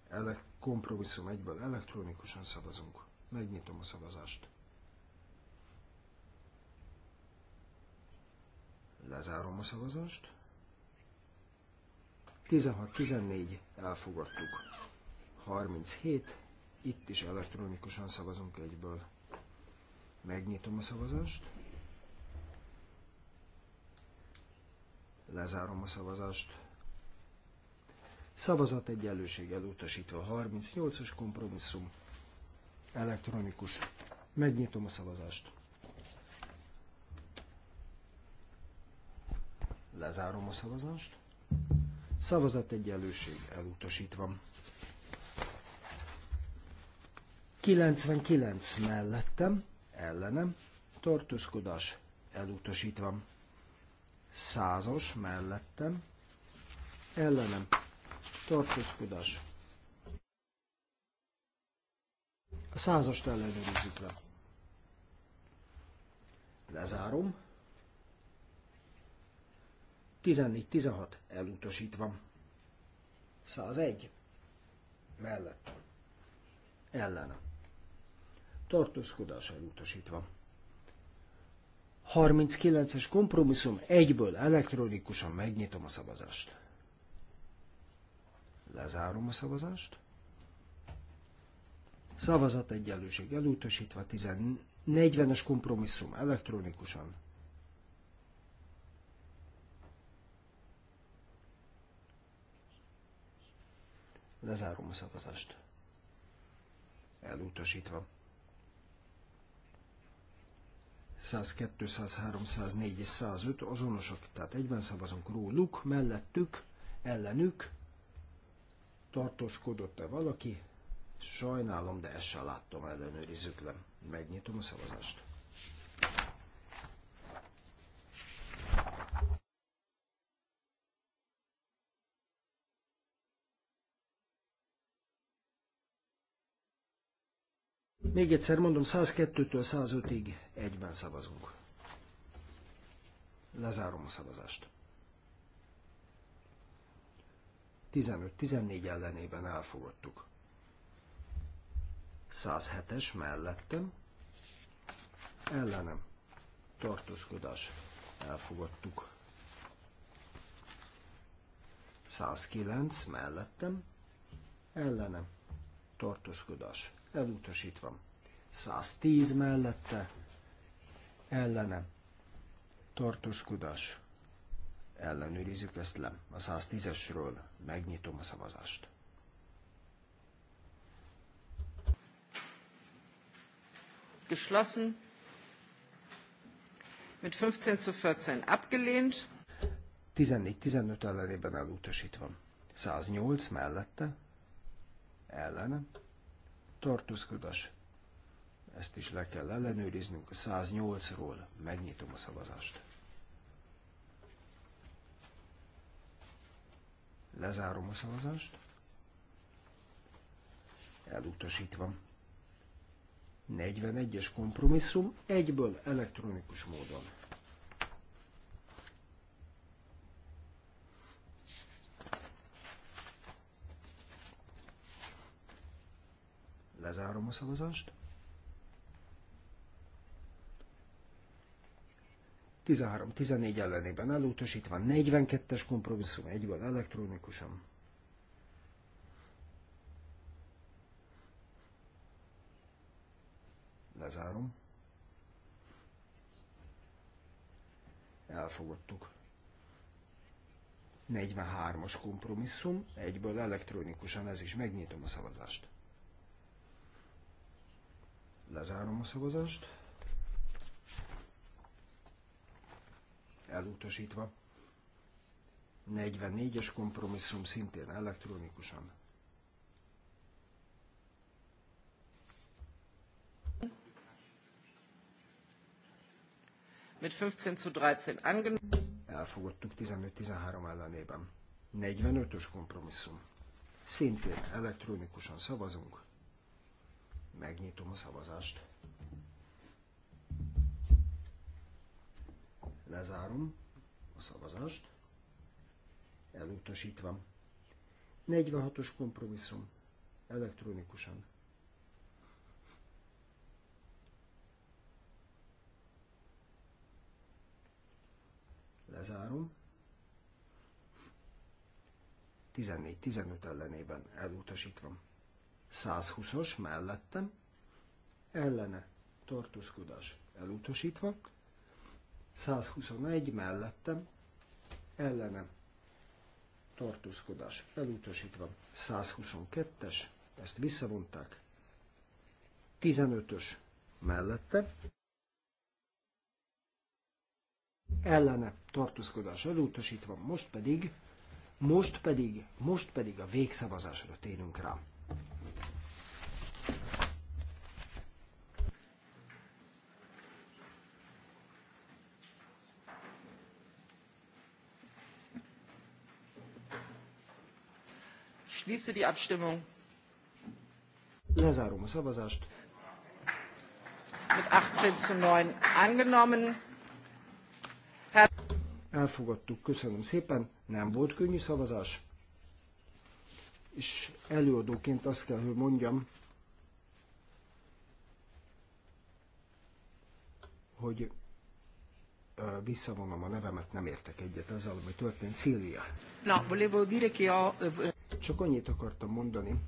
ele kompromisszum egyből elektronikusan szavazunk. Megnyitom a szavazást. Lezárom a szavazást. 16-14 elfogadtuk. 37, itt is elektronikusan szavazunk egyből. Megnyitom a szavazást. Lezárom a szavazást. Szavazat egyenlőség elutasítva 38-as kompromisszum elektronikus. Megnyitom a szavazást. Lezárom a szavazást. Szavazat egyenlőség elutasítva. 99 mellettem, ellenem, tartózkodás elutasítva. Százas mellettem, ellenem, tartózkodás A százast ellenőrizzük le. Lezárom. 14-16 elutasítva. 101 mellett. Ellene. Tartózkodás elutasítva. 39-es kompromisszum, egyből elektronikusan megnyitom a szavazást. Lezárom a szavazást szavazat egyenlőség elutasítva, 40-es kompromisszum elektronikusan. Lezárom a szavazást. Elutasítva. 102, 103, 104 és 105 azonosak, tehát egyben szavazunk róluk, mellettük, ellenük, tartózkodott-e valaki, Sajnálom, de ezt sem láttam, ellenőrizőkben. le. Megnyitom a szavazást. Még egyszer mondom, 102-től 105-ig egyben szavazunk. Lezárom a szavazást. 15-14 ellenében elfogadtuk. 107-es mellettem, ellenem, tartózkodás, elfogadtuk. 109 mellettem, ellenem, tartózkodás, elutasítva. 110 mellette, ellenem, tartózkodás, ellenőrizzük ezt le. A 110-esről megnyitom a szavazást. geschlossen. Mit 15 zu 14 abgelehnt. 14-15 ellenében elutasítva. 108 mellette, ellene, tartózkodás. Ezt is le kell ellenőriznünk. 108-ról megnyitom a szavazást. Lezárom a szavazást. Elutasítva. 41-es kompromisszum egyből elektronikus módon. Lezárom a szavazást. 13-14 ellenében elutasítva, 42-es kompromisszum egyből elektronikusan. lezárom. Elfogadtuk. 43-as kompromisszum, egyből elektronikusan ez is megnyitom a szavazást. Lezárom a szavazást. Elutasítva. 44-es kompromisszum szintén elektronikusan mit 15 zu 13 angenommen. Elfogadtuk 15-13 ellenében. 45-ös kompromisszum. Szintén elektronikusan szavazunk. Megnyitom a szavazást. Lezárom a szavazást. Elutasítva. 46-os kompromisszum. Elektronikusan Lezárom. 14-15 ellenében elutasítva. 120-os mellettem, ellene tartózkodás elutasítva, 121 mellettem, ellene tartózkodás elutasítva, 122-es, ezt visszavonták, 15-ös mellette, ellene tartózkodás elutasítva, most pedig, most pedig, most pedig a végszavazásra térünk rá. Schließe die Abstimmung. Lezárom a szavazást. Mit 18 zu 9 angenommen. Elfogadtuk, köszönöm szépen, nem volt könnyű szavazás. És előadóként azt kell, hogy mondjam, hogy visszavonom a nevemet, nem értek egyet azzal, ami történt. Szilvia. Na, volevo dire che ho... Csak annyit akartam mondani,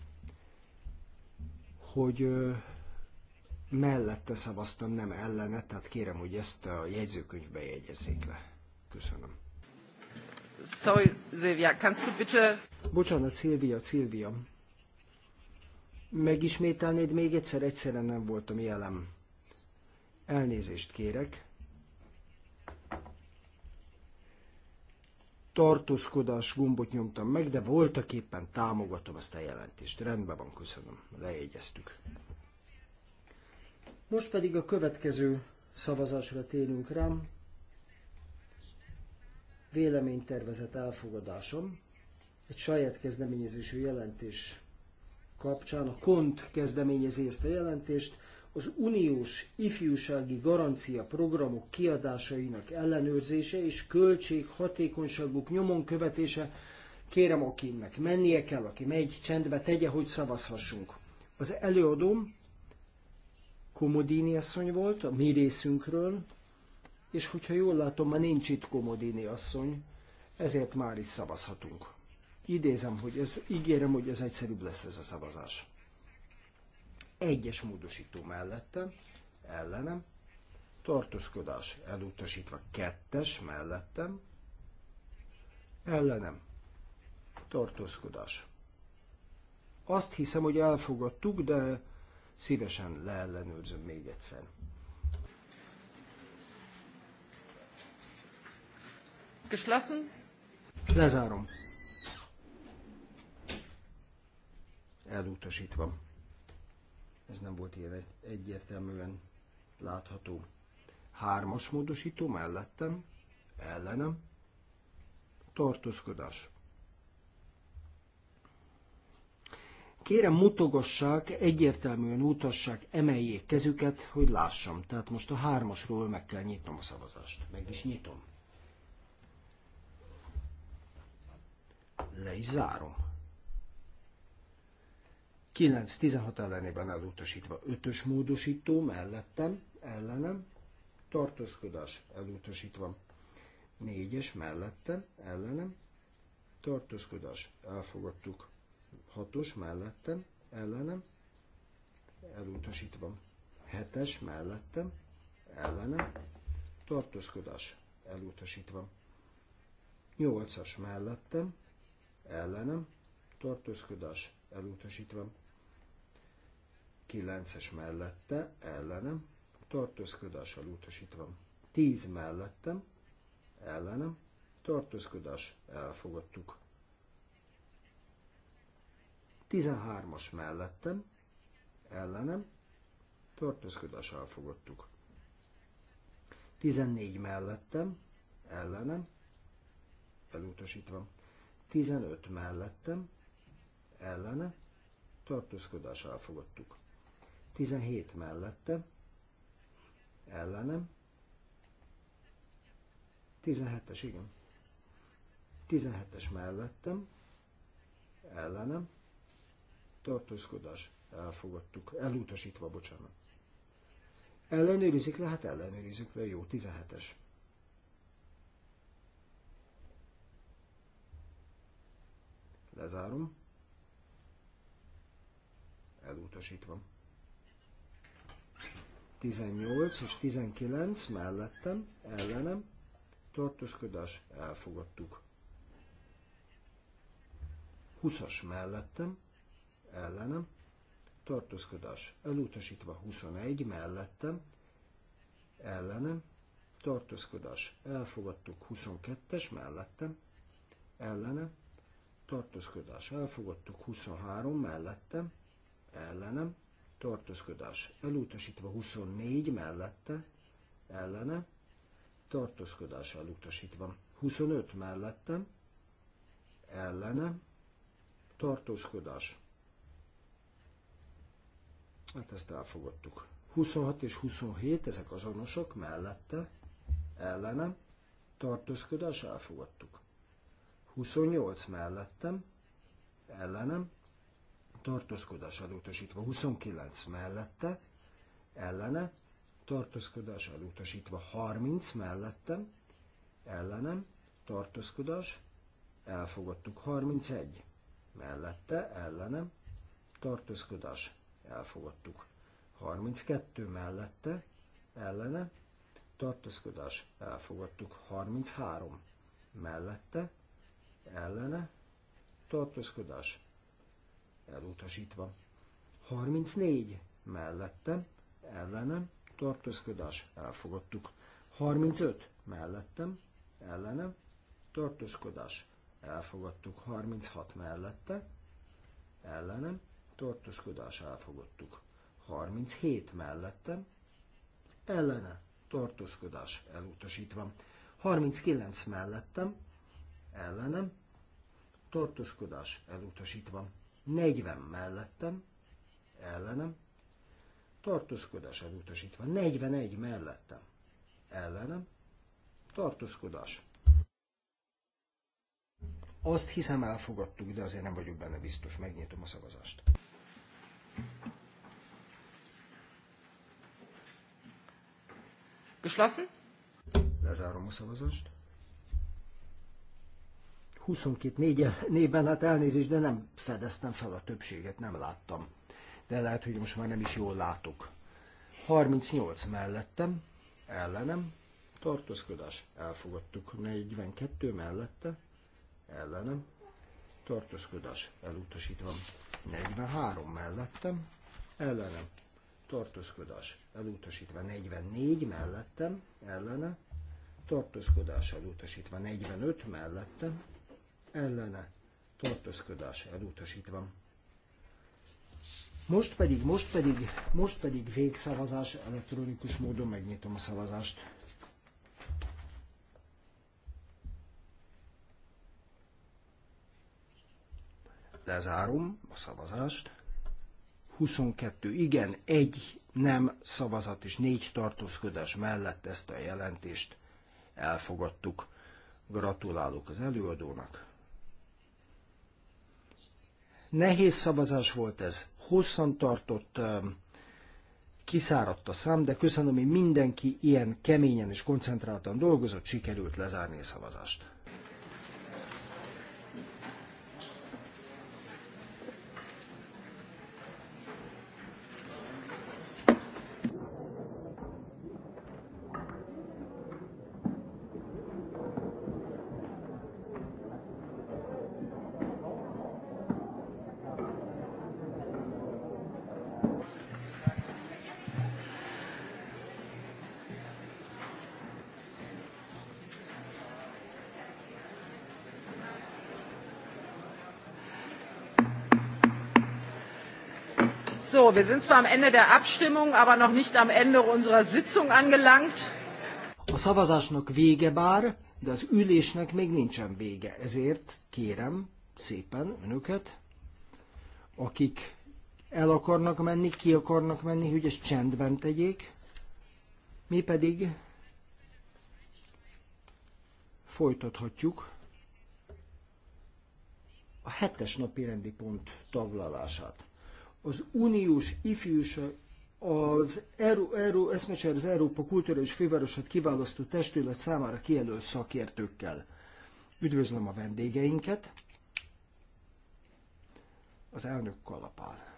hogy mellette szavaztam, nem ellene, tehát kérem, hogy ezt a jegyzőkönyvbe jegyezzék le. Köszönöm. Sorry, Silvia, kannst du bitte... Bocsánat, Szilvia, Szilvia. Megismételnéd még egyszer? Egyszerűen nem voltam jelen. Elnézést kérek. Tartózkodás gombot nyomtam meg, de voltak éppen támogatom ezt a jelentést. Rendben van, köszönöm. Lejegyeztük. Most pedig a következő szavazásra térünk rám véleménytervezet elfogadásom egy saját kezdeményezésű jelentés kapcsán, a KONT kezdeményezi ezt a jelentést, az uniós ifjúsági garancia programok kiadásainak ellenőrzése és költség hatékonyságuk nyomon követése. Kérem, akinek mennie kell, aki megy, csendbe tegye, hogy szavazhassunk. Az előadóm Komodini asszony volt, a mi részünkről, és hogyha jól látom, ma nincs itt Komodini asszony, ezért már is szavazhatunk. Idézem, hogy ez, ígérem, hogy ez egyszerűbb lesz ez a szavazás. Egyes módosító mellettem, ellenem, tartózkodás elutasítva kettes mellettem, ellenem, tartózkodás. Azt hiszem, hogy elfogadtuk, de szívesen leellenőrzöm még egyszer. geschlossen. Lezárom. Elutasítva. Ez nem volt ilyen egyértelműen látható. Hármas módosító mellettem, ellenem, tartózkodás. Kérem mutogassák, egyértelműen utassák, emeljék kezüket, hogy lássam. Tehát most a hármasról meg kell nyitnom a szavazást. Meg is nyitom. Le is zárom. 9-16 ellenében elutasítva. ötös módosító mellettem, ellenem, tartózkodás elutasítva. Négyes mellettem, ellenem, tartózkodás elfogadtuk. Hatos mellettem, ellenem, elutasítva. hetes mellettem, ellenem, tartózkodás elutasítva. Nyolcas mellettem, ellenem, tartózkodás elutasítva, 9-es mellette, ellenem, tartózkodás elutasítva, 10 mellettem, ellenem, tartózkodás elfogadtuk. 13-as mellettem, ellenem, tartózkodás elfogadtuk. 14 mellettem, ellenem, elutasítva. 15 mellettem, ellene, tartózkodás elfogadtuk. 17 mellette, ellenem, 17-es, igen. 17-es mellettem, ellenem, tartózkodás elfogadtuk, elutasítva, bocsánat. Ellenőrizik lehet, ellenőrizik le, jó, 17-es. Lezárom. Elutasítva. 18 és 19 mellettem, ellenem, tartózkodás, elfogadtuk. 20-as mellettem, ellenem, tartózkodás, elutasítva 21 mellettem, ellenem, tartózkodás, elfogadtuk 22-es mellettem, ellenem, tartózkodás elfogadtuk 23 mellette, ellenem, tartózkodás elutasítva 24 mellette, ellene, tartózkodás elutasítva 25 mellette, ellene, tartózkodás. Hát ezt elfogadtuk. 26 és 27, ezek azonosok mellette, ellene, tartózkodás elfogadtuk. 28 mellettem, ellenem, tartózkodás elutasítva. 29 mellette, ellene, tartózkodás elutasítva. 30 mellettem, ellenem, tartózkodás, elfogadtuk. 31 mellette, ellenem, tartózkodás, elfogadtuk. 32 mellette, ellene, tartózkodás, elfogadtuk. 33 mellette, ellene, tartózkodás elutasítva. 34 mellettem, ellenem, tartózkodás elfogadtuk. 35 mellettem, ellenem, tartózkodás elfogadtuk. 36 mellette, ellenem, tartózkodás elfogadtuk. 37 mellettem, ellene, tartózkodás elutasítva. 39 mellettem, ellenem, tartózkodás elutasítva. 40 mellettem, ellenem, tartózkodás elutasítva. 41 mellettem, ellenem, tartózkodás. Azt hiszem elfogadtuk, de azért nem vagyok benne biztos. Megnyitom a szavazást. Geschlossen? Lezárom a szavazást. 22 négy, néven, hát elnézést, de nem fedeztem fel a többséget, nem láttam. De lehet, hogy most már nem is jól látok. 38 mellettem, ellenem, tartózkodás, elfogadtuk. 42 mellette, ellenem, tartózkodás, elutasítva. 43 mellettem, ellenem, tartózkodás, elutasítva. 44 mellettem, ellene, tartózkodás elutasítva 45 mellettem, ellene tartózkodás elutasítva. Most pedig, most pedig, most pedig végszavazás, elektronikus módon megnyitom a szavazást. Lezárom a szavazást. 22 igen, egy nem szavazat és négy tartózkodás mellett ezt a jelentést elfogadtuk. Gratulálok az előadónak, Nehéz szavazás volt ez, hosszan tartott, kiszáradt a szám, de köszönöm, hogy mindenki ilyen keményen és koncentráltan dolgozott, sikerült lezárni a szavazást. wir sind zwar am Ende der Abstimmung, aber noch nicht am Ende unserer Sitzung angelangt. A szavazásnak vége bár, de az ülésnek még nincsen vége, ezért kérem szépen önöket, akik el akarnak menni, ki akarnak menni, hogy ezt csendben tegyék, mi pedig folytathatjuk a hetes napi rendi pont taglalását az uniós ifjúság, az Euró, Euró, Eszmecsere az Európa és Fővárosat kiválasztó testület számára kijelölt szakértőkkel. Üdvözlöm a vendégeinket. Az elnök kalapál.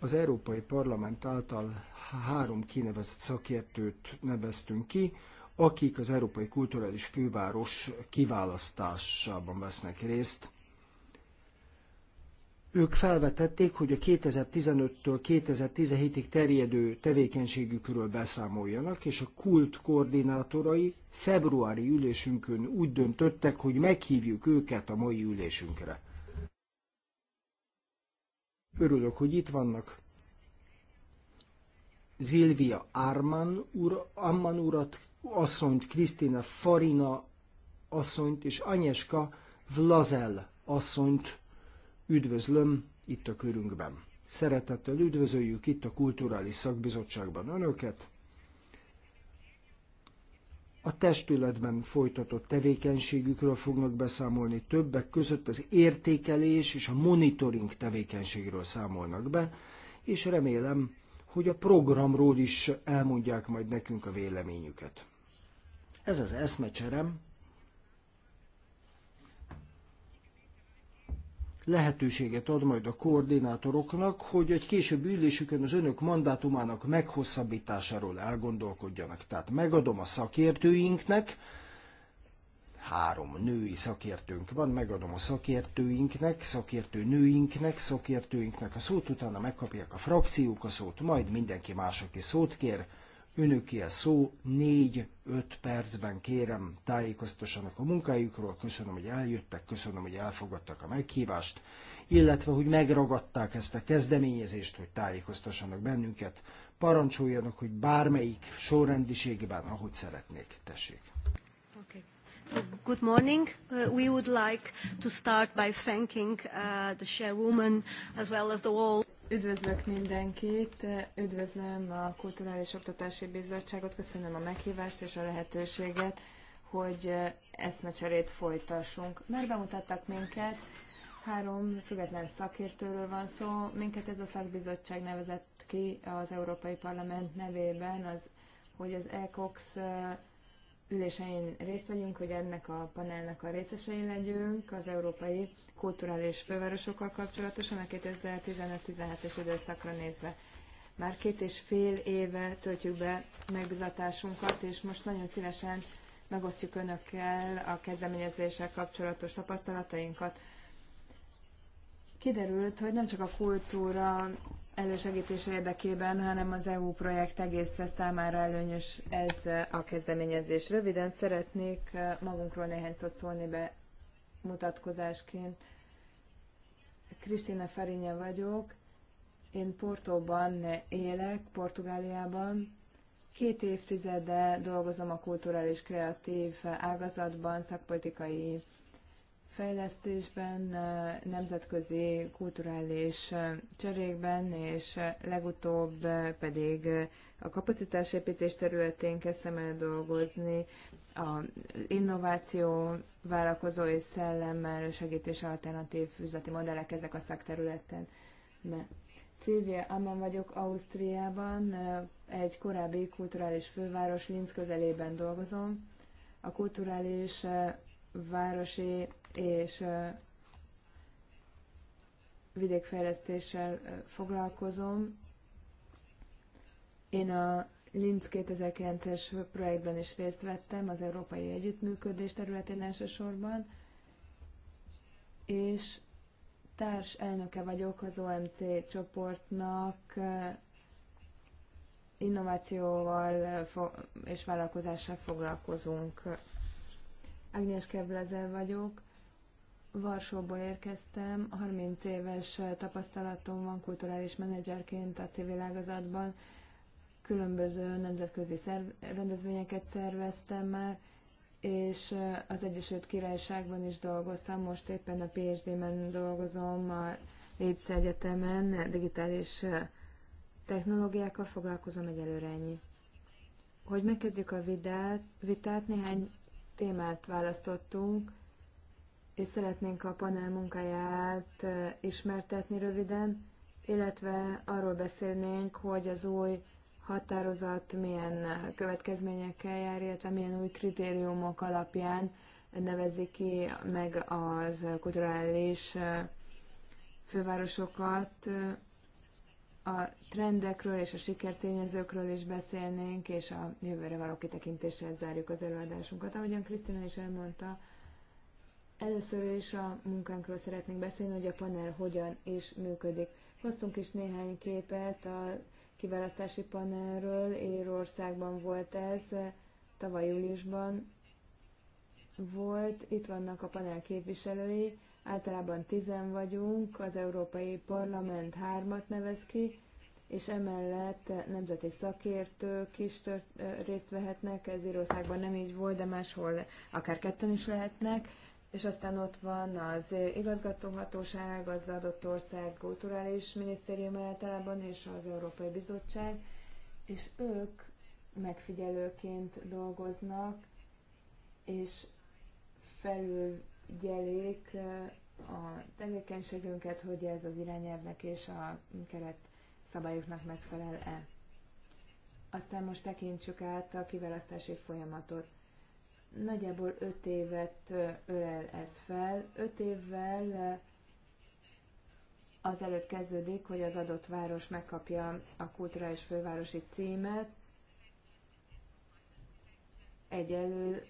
Az Európai Parlament által három kinevezett szakértőt neveztünk ki, akik az Európai Kulturális Főváros kiválasztásában vesznek részt. Ők felvetették, hogy a 2015-től 2017-ig terjedő tevékenységükről beszámoljanak, és a kult koordinátorai februári ülésünkön úgy döntöttek, hogy meghívjuk őket a mai ülésünkre. Örülök, hogy itt vannak. Zilvia Arman ur, Amman urat asszonyt, Krisztina Farina asszonyt és Anyeska Vlazel asszonyt üdvözlöm itt a körünkben. Szeretettel üdvözöljük itt a Kulturális Szakbizottságban Önöket. A testületben folytatott tevékenységükről fognak beszámolni, többek között az értékelés és a monitoring tevékenységről számolnak be, és remélem, hogy a programról is elmondják majd nekünk a véleményüket. Ez az eszmecserem lehetőséget ad majd a koordinátoroknak, hogy egy később ülésükön az önök mandátumának meghosszabbításáról elgondolkodjanak. Tehát megadom a szakértőinknek, három női szakértőnk van, megadom a szakértőinknek, szakértő nőinknek, szakértőinknek a szót, utána megkapják a frakciók a szót, majd mindenki más, aki szót kér, Önöké a szó, 4-5 percben kérem tájékoztassanak a munkájukról, köszönöm, hogy eljöttek, köszönöm, hogy elfogadtak a meghívást, illetve, hogy megragadták ezt a kezdeményezést, hogy tájékoztassanak bennünket, parancsoljanak, hogy bármelyik sorrendiségben, ahogy szeretnék, tessék. Okay. So, good morning. Uh, we would like to start by thanking uh, the chairwoman as well as the whole Üdvözlök mindenkit, üdvözlöm a Kulturális Oktatási Bizottságot, köszönöm a meghívást és a lehetőséget, hogy eszmecserét folytassunk. Már bemutattak minket, három független szakértőről van szó, minket ez a szakbizottság nevezett ki az Európai Parlament nevében, az, hogy az ECOX ülésein részt vegyünk, hogy ennek a panelnek a részesei legyünk az európai kulturális fővárosokkal kapcsolatosan a 2015-17-es időszakra nézve. Már két és fél éve töltjük be megbizatásunkat, és most nagyon szívesen megosztjuk önökkel a kezdeményezéssel kapcsolatos tapasztalatainkat. Kiderült, hogy nem csak a kultúra elősegítése érdekében, hanem az EU projekt egész számára előnyös ez a kezdeményezés. Röviden szeretnék eh, magunkról néhány szót szólni be mutatkozásként. Kristina Ferinja vagyok, én Portóban élek, Portugáliában. Két évtizede dolgozom a kulturális kreatív ágazatban, szakpolitikai fejlesztésben, nemzetközi kulturális cserékben, és legutóbb pedig a kapacitásépítés területén kezdtem el dolgozni, a innováció vállalkozói szellemmel segítés alternatív üzleti modellek ezek a szakterületen. Szilvia Amman vagyok, Ausztriában, egy korábbi kulturális főváros Linz közelében dolgozom. A kulturális városi és vidékfejlesztéssel foglalkozom. Én a Linz 2009-es projektben is részt vettem, az Európai Együttműködés területén elsősorban, és társ elnöke vagyok az OMC csoportnak, innovációval és vállalkozással foglalkozunk Agnieszka Keblezel vagyok, Varsóból érkeztem, 30 éves tapasztalatom van kulturális menedzserként a civil ágazatban, különböző nemzetközi szerv- rendezvényeket szerveztem már, és az Egyesült Királyságban is dolgoztam, most éppen a PhD-ben dolgozom a Létsz Egyetemen, digitális technológiákkal foglalkozom egyelőre ennyi. Hogy megkezdjük a vidát, vitát, néhány témát választottunk, és szeretnénk a panel munkáját ismertetni röviden, illetve arról beszélnénk, hogy az új határozat milyen következményekkel jár, illetve milyen új kritériumok alapján nevezi ki meg az kulturális fővárosokat, a trendekről és a sikertényezőkről is beszélnénk, és a jövőre való kitekintéssel zárjuk az előadásunkat. Ahogyan Krisztina is elmondta, először is a munkánkról szeretnénk beszélni, hogy a panel hogyan és működik. Hoztunk is néhány képet a kiválasztási panelről, Érországban volt ez, tavaly júliusban volt, itt vannak a panel képviselői, általában tizen vagyunk, az Európai Parlament hármat nevez ki, és emellett nemzeti szakértők is tört, részt vehetnek, ez Írországban nem így volt, de máshol akár ketten is lehetnek, és aztán ott van az igazgatóhatóság, az adott ország kulturális minisztérium általában, és az Európai Bizottság, és ők megfigyelőként dolgoznak, és felül figyelik a tevékenységünket, hogy ez az irányelvnek és a keret szabályoknak megfelel-e. Aztán most tekintsük át a kiválasztási folyamatot. Nagyjából 5 évet ölel ez fel. 5 évvel azelőtt kezdődik, hogy az adott város megkapja a kulturális fővárosi címet. Egyelő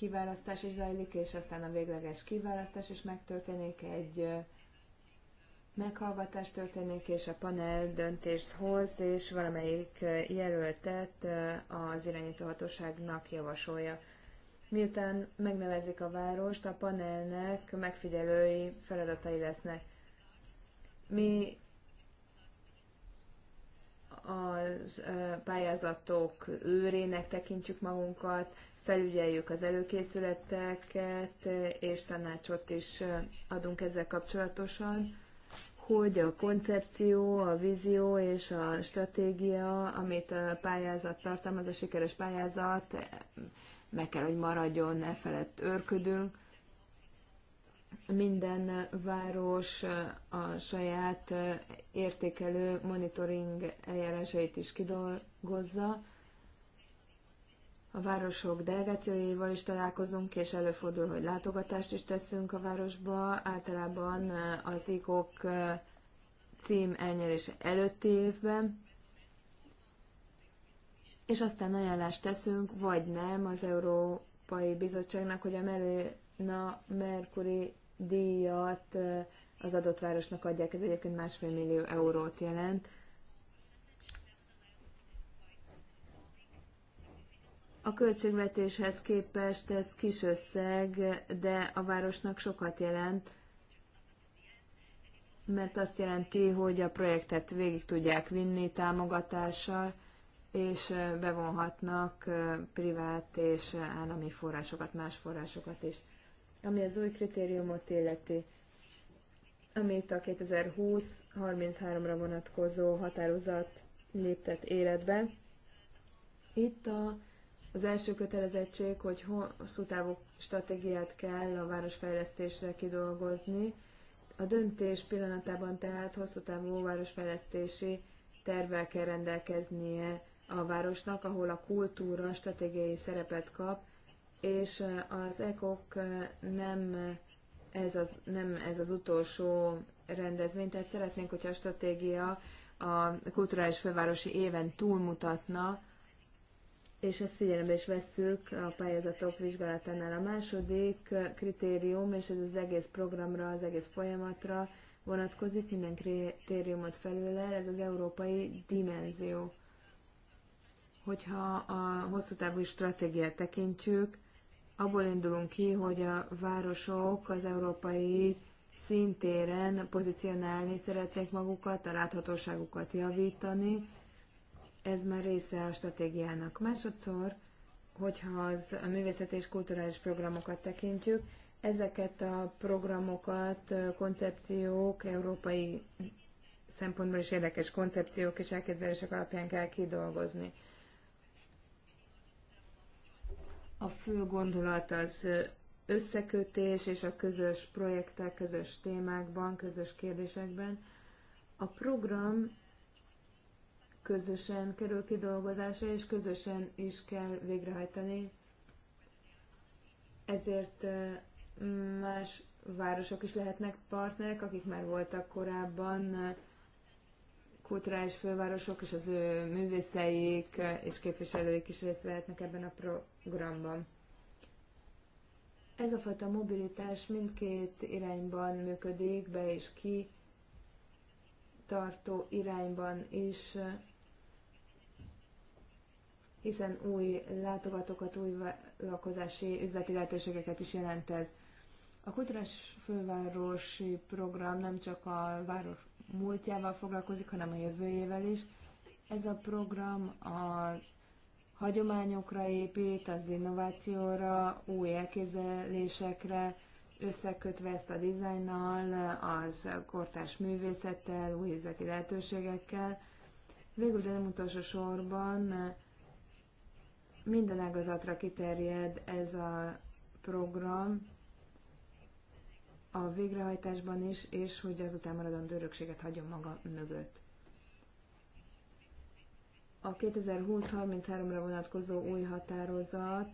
kiválasztás is zajlik, és aztán a végleges kiválasztás is megtörténik, egy meghallgatás történik, és a panel döntést hoz, és valamelyik jelöltet az irányítóhatóságnak javasolja. Miután megnevezik a várost, a panelnek megfigyelői feladatai lesznek. Mi az pályázatok őrének tekintjük magunkat, felügyeljük az előkészületeket, és tanácsot is adunk ezzel kapcsolatosan, hogy a koncepció, a vízió és a stratégia, amit a pályázat tartalmaz, a sikeres pályázat, meg kell, hogy maradjon, ne felett őrködünk. Minden város a saját értékelő monitoring eljárásait is kidolgozza, a városok delegációival is találkozunk, és előfordul, hogy látogatást is teszünk a városba. Általában az IKOK cím elnyerés előtti évben, és aztán ajánlást teszünk, vagy nem az Európai Bizottságnak, hogy a Melina Mercury díjat az adott városnak adják, ez egyébként másfél millió eurót jelent. A költségvetéshez képest ez kis összeg, de a városnak sokat jelent, mert azt jelenti, hogy a projektet végig tudják vinni támogatással, és bevonhatnak privát és állami forrásokat, más forrásokat is. Ami az új kritériumot illeti, amit a 2020-33-ra vonatkozó határozat léptet életbe. Itt a az első kötelezettség, hogy hosszú távú stratégiát kell a városfejlesztésre kidolgozni. A döntés pillanatában tehát hosszú távú városfejlesztési tervvel kell rendelkeznie a városnak, ahol a kultúra stratégiai szerepet kap, és az ECOK nem ez az, nem ez az utolsó rendezvény, tehát szeretnénk, hogyha a stratégia a kulturális fővárosi éven túlmutatna, és ezt figyelembe is vesszük a pályázatok vizsgálatánál. A második kritérium, és ez az egész programra, az egész folyamatra vonatkozik, minden kritériumot felülel, ez az európai dimenzió. Hogyha a hosszú távú stratégiát tekintjük, abból indulunk ki, hogy a városok az európai szintéren pozícionálni szeretnék magukat, a láthatóságukat javítani, ez már része a stratégiának. Másodszor, hogyha az a művészeti és kulturális programokat tekintjük, ezeket a programokat, koncepciók, európai szempontból is érdekes koncepciók és elképzelések alapján kell kidolgozni. A fő gondolat az összekötés és a közös projektek, közös témákban, közös kérdésekben. A program közösen kerül kidolgozásra, és közösen is kell végrehajtani. Ezért más városok is lehetnek partnerek, akik már voltak korábban kulturális fővárosok, és az ő művészeik és képviselőik is részt vehetnek ebben a programban. Ez a fajta mobilitás mindkét irányban működik, be és ki tartó irányban is hiszen új látogatókat, új lakozási üzleti lehetőségeket is jelent ez. A kulturális fővárosi program nem csak a város múltjával foglalkozik, hanem a jövőjével is. Ez a program a hagyományokra épít, az innovációra, új elképzelésekre, összekötve ezt a dizájnnal, az kortás művészettel, új üzleti lehetőségekkel. Végül, de nem utolsó sorban minden ágazatra kiterjed ez a program a végrehajtásban is, és hogy azután maradandó örökséget hagyjon maga mögött. A 2020-33-ra vonatkozó új határozat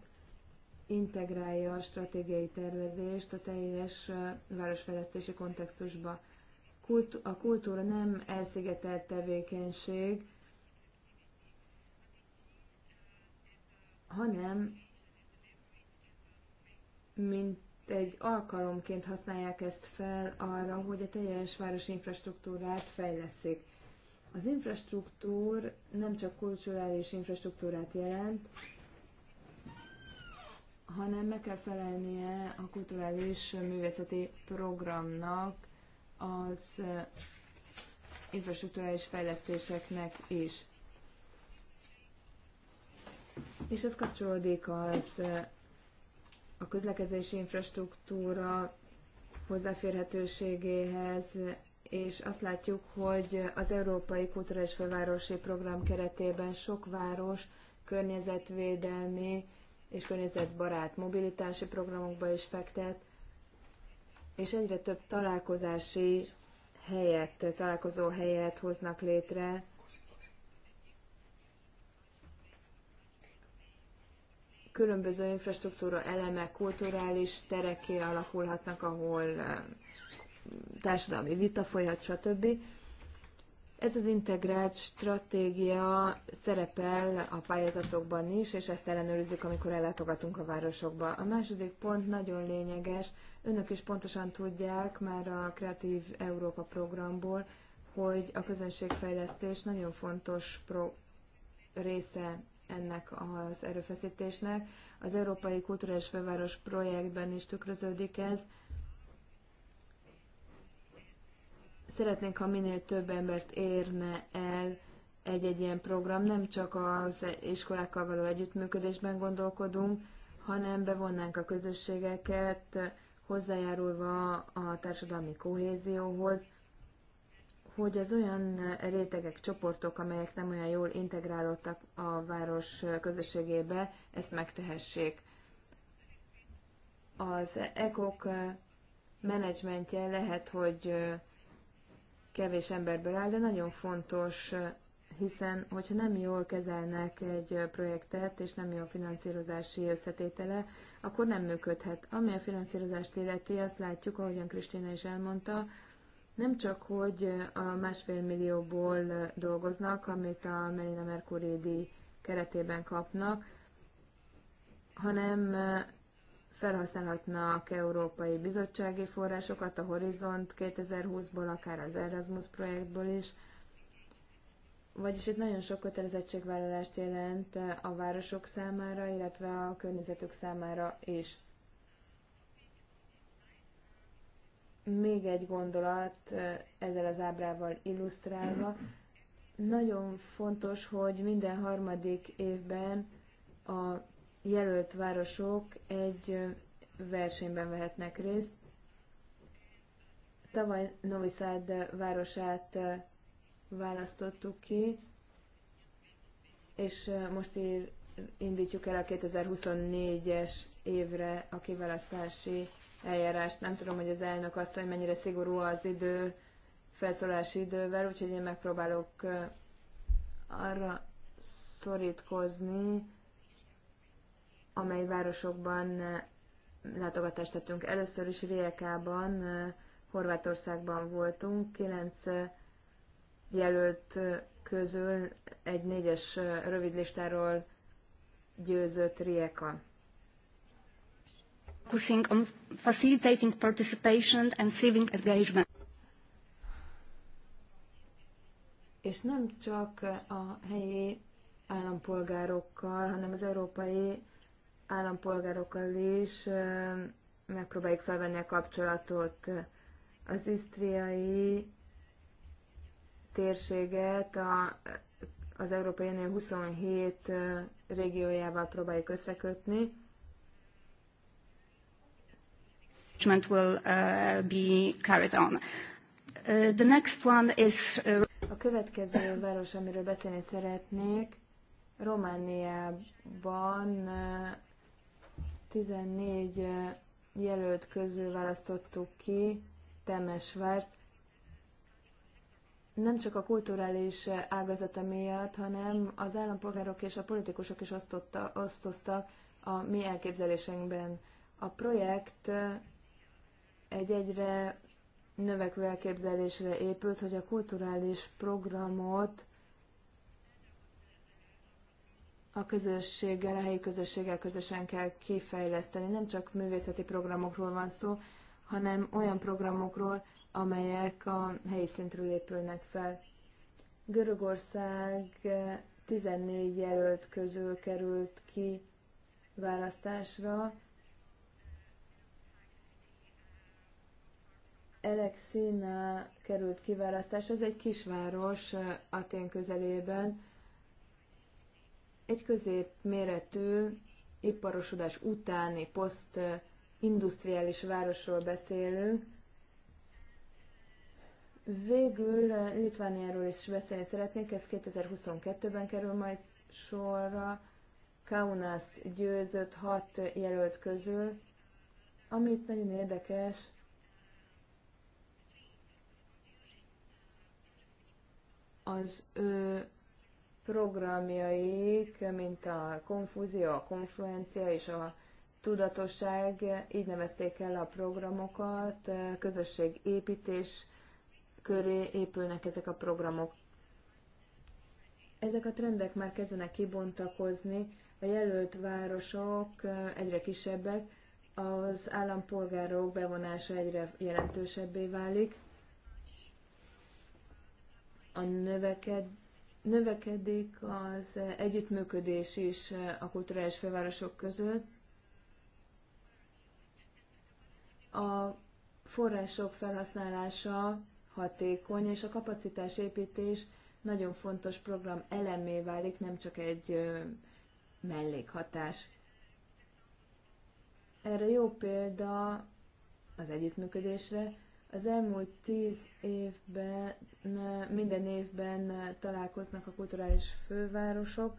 integrálja a stratégiai tervezést a teljes városfejlesztési kontextusba. a kultúra nem elszigetelt tevékenység, hanem mint egy alkalomként használják ezt fel arra, hogy a teljes városi infrastruktúrát fejleszik. Az infrastruktúr nem csak kulturális infrastruktúrát jelent, hanem meg kell felelnie a kulturális művészeti programnak az infrastruktúrális fejlesztéseknek is és ez kapcsolódik az a közlekedési infrastruktúra hozzáférhetőségéhez, és azt látjuk, hogy az Európai Kulturális Fővárosi Program keretében sok város környezetvédelmi és környezetbarát mobilitási programokba is fektet, és egyre több találkozási helyet, találkozó helyet hoznak létre, különböző infrastruktúra elemek, kulturális tereké alakulhatnak, ahol eh, társadalmi vita folyhat, stb. Ez az integrált stratégia szerepel a pályázatokban is, és ezt ellenőrizzük, amikor ellátogatunk a városokba. A második pont nagyon lényeges. Önök is pontosan tudják már a Kreatív Európa programból, hogy a közönségfejlesztés nagyon fontos pro- része ennek az erőfeszítésnek. Az Európai Kulturális Főváros projektben is tükröződik ez. Szeretnénk, ha minél több embert érne el egy-egy ilyen program, nem csak az iskolákkal való együttműködésben gondolkodunk, hanem bevonnánk a közösségeket, hozzájárulva a társadalmi kohézióhoz, hogy az olyan rétegek, csoportok, amelyek nem olyan jól integrálódtak a város közösségébe, ezt megtehessék. Az ekok menedzsmentje lehet, hogy kevés emberből áll, de nagyon fontos, hiszen hogyha nem jól kezelnek egy projektet, és nem jó a finanszírozási összetétele, akkor nem működhet. Ami a finanszírozást illeti, azt látjuk, ahogyan Kristina is elmondta, nem csak, hogy a másfél millióból dolgoznak, amit a Melina Mercury díj keretében kapnak, hanem felhasználhatnak európai bizottsági forrásokat a Horizont 2020-ból, akár az Erasmus projektből is. Vagyis itt nagyon sok kötelezettségvállalást jelent a városok számára, illetve a környezetük számára is. még egy gondolat ezzel az ábrával illusztrálva. Nagyon fontos, hogy minden harmadik évben a jelölt városok egy versenyben vehetnek részt. Tavaly Novi Sad városát választottuk ki, és most ír, indítjuk el a 2024-es évre a kiválasztási eljárást. Nem tudom, hogy az elnök azt, hogy mennyire szigorú az idő, felszólási idővel, úgyhogy én megpróbálok arra szorítkozni, amely városokban látogatást tettünk. Először is Riekában, Horvátországban voltunk, kilenc jelölt közül egy négyes rövidlistáról győzött Rieka focusing on facilitating participation and civic engagement. És nem csak a helyi állampolgárokkal, hanem az európai állampolgárokkal is megpróbáljuk felvenni a kapcsolatot. Az isztriai térséget a, az Európai Unió 27 régiójával próbáljuk összekötni, management will uh, be carried on. Uh, the next one is... Uh, a következő város, amiről beszélni szeretnék, Romániában 14 uh, uh, jelölt közül választottuk ki Temesvárt, nem csak a kulturális uh, ágazata miatt, hanem az állampolgárok és a politikusok is osztotta, osztoztak a mi elképzelésünkben. A projekt egy egyre növekvő elképzelésre épült, hogy a kulturális programot a közösséggel, a helyi közösséggel közösen kell kifejleszteni. Nem csak művészeti programokról van szó, hanem olyan programokról, amelyek a helyi szintről épülnek fel. Görögország 14 jelölt közül került ki választásra, Elexin került kiválasztás, ez egy kisváros Atén közelében, egy középméretű iparosodás utáni poszt industriális városról beszélünk. Végül Litvániáról is beszélni szeretnék, ez 2022-ben kerül majd sorra. Kaunas győzött hat jelölt közül, amit nagyon érdekes, az ő programjaik, mint a konfúzió, a konfluencia és a tudatosság, így nevezték el a programokat, közösségépítés köré épülnek ezek a programok. Ezek a trendek már kezdenek kibontakozni, a jelölt városok egyre kisebbek, az állampolgárok bevonása egyre jelentősebbé válik, a növeked, növekedik az együttműködés is a kulturális fővárosok között. A források felhasználása hatékony, és a kapacitásépítés nagyon fontos program elemé válik, nem csak egy mellékhatás. Erre jó példa az együttműködésre, az elmúlt tíz évben, minden évben találkoznak a kulturális fővárosok,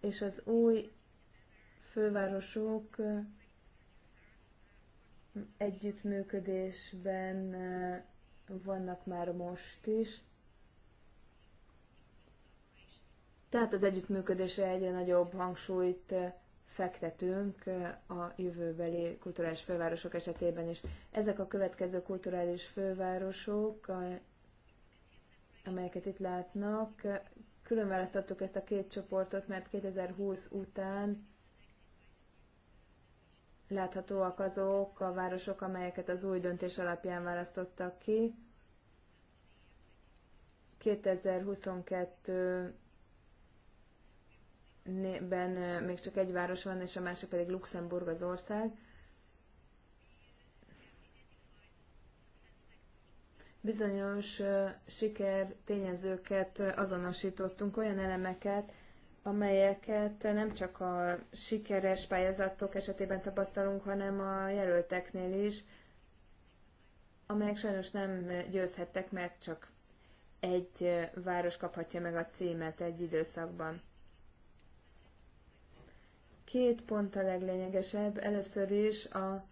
és az új fővárosok együttműködésben vannak már most is. Tehát az együttműködésre egyre nagyobb hangsúlyt fektetünk a jövőbeli kulturális fővárosok esetében is. Ezek a következő kulturális fővárosok, amelyeket itt látnak, külön választottuk ezt a két csoportot, mert 2020 után láthatóak azok a városok, amelyeket az új döntés alapján választottak ki. 2022 ben még csak egy város van, és a másik pedig Luxemburg az ország. Bizonyos siker tényezőket azonosítottunk, olyan elemeket, amelyeket nem csak a sikeres pályázatok esetében tapasztalunk, hanem a jelölteknél is, amelyek sajnos nem győzhettek, mert csak egy város kaphatja meg a címet egy időszakban. Két pont a leglényegesebb. Először is a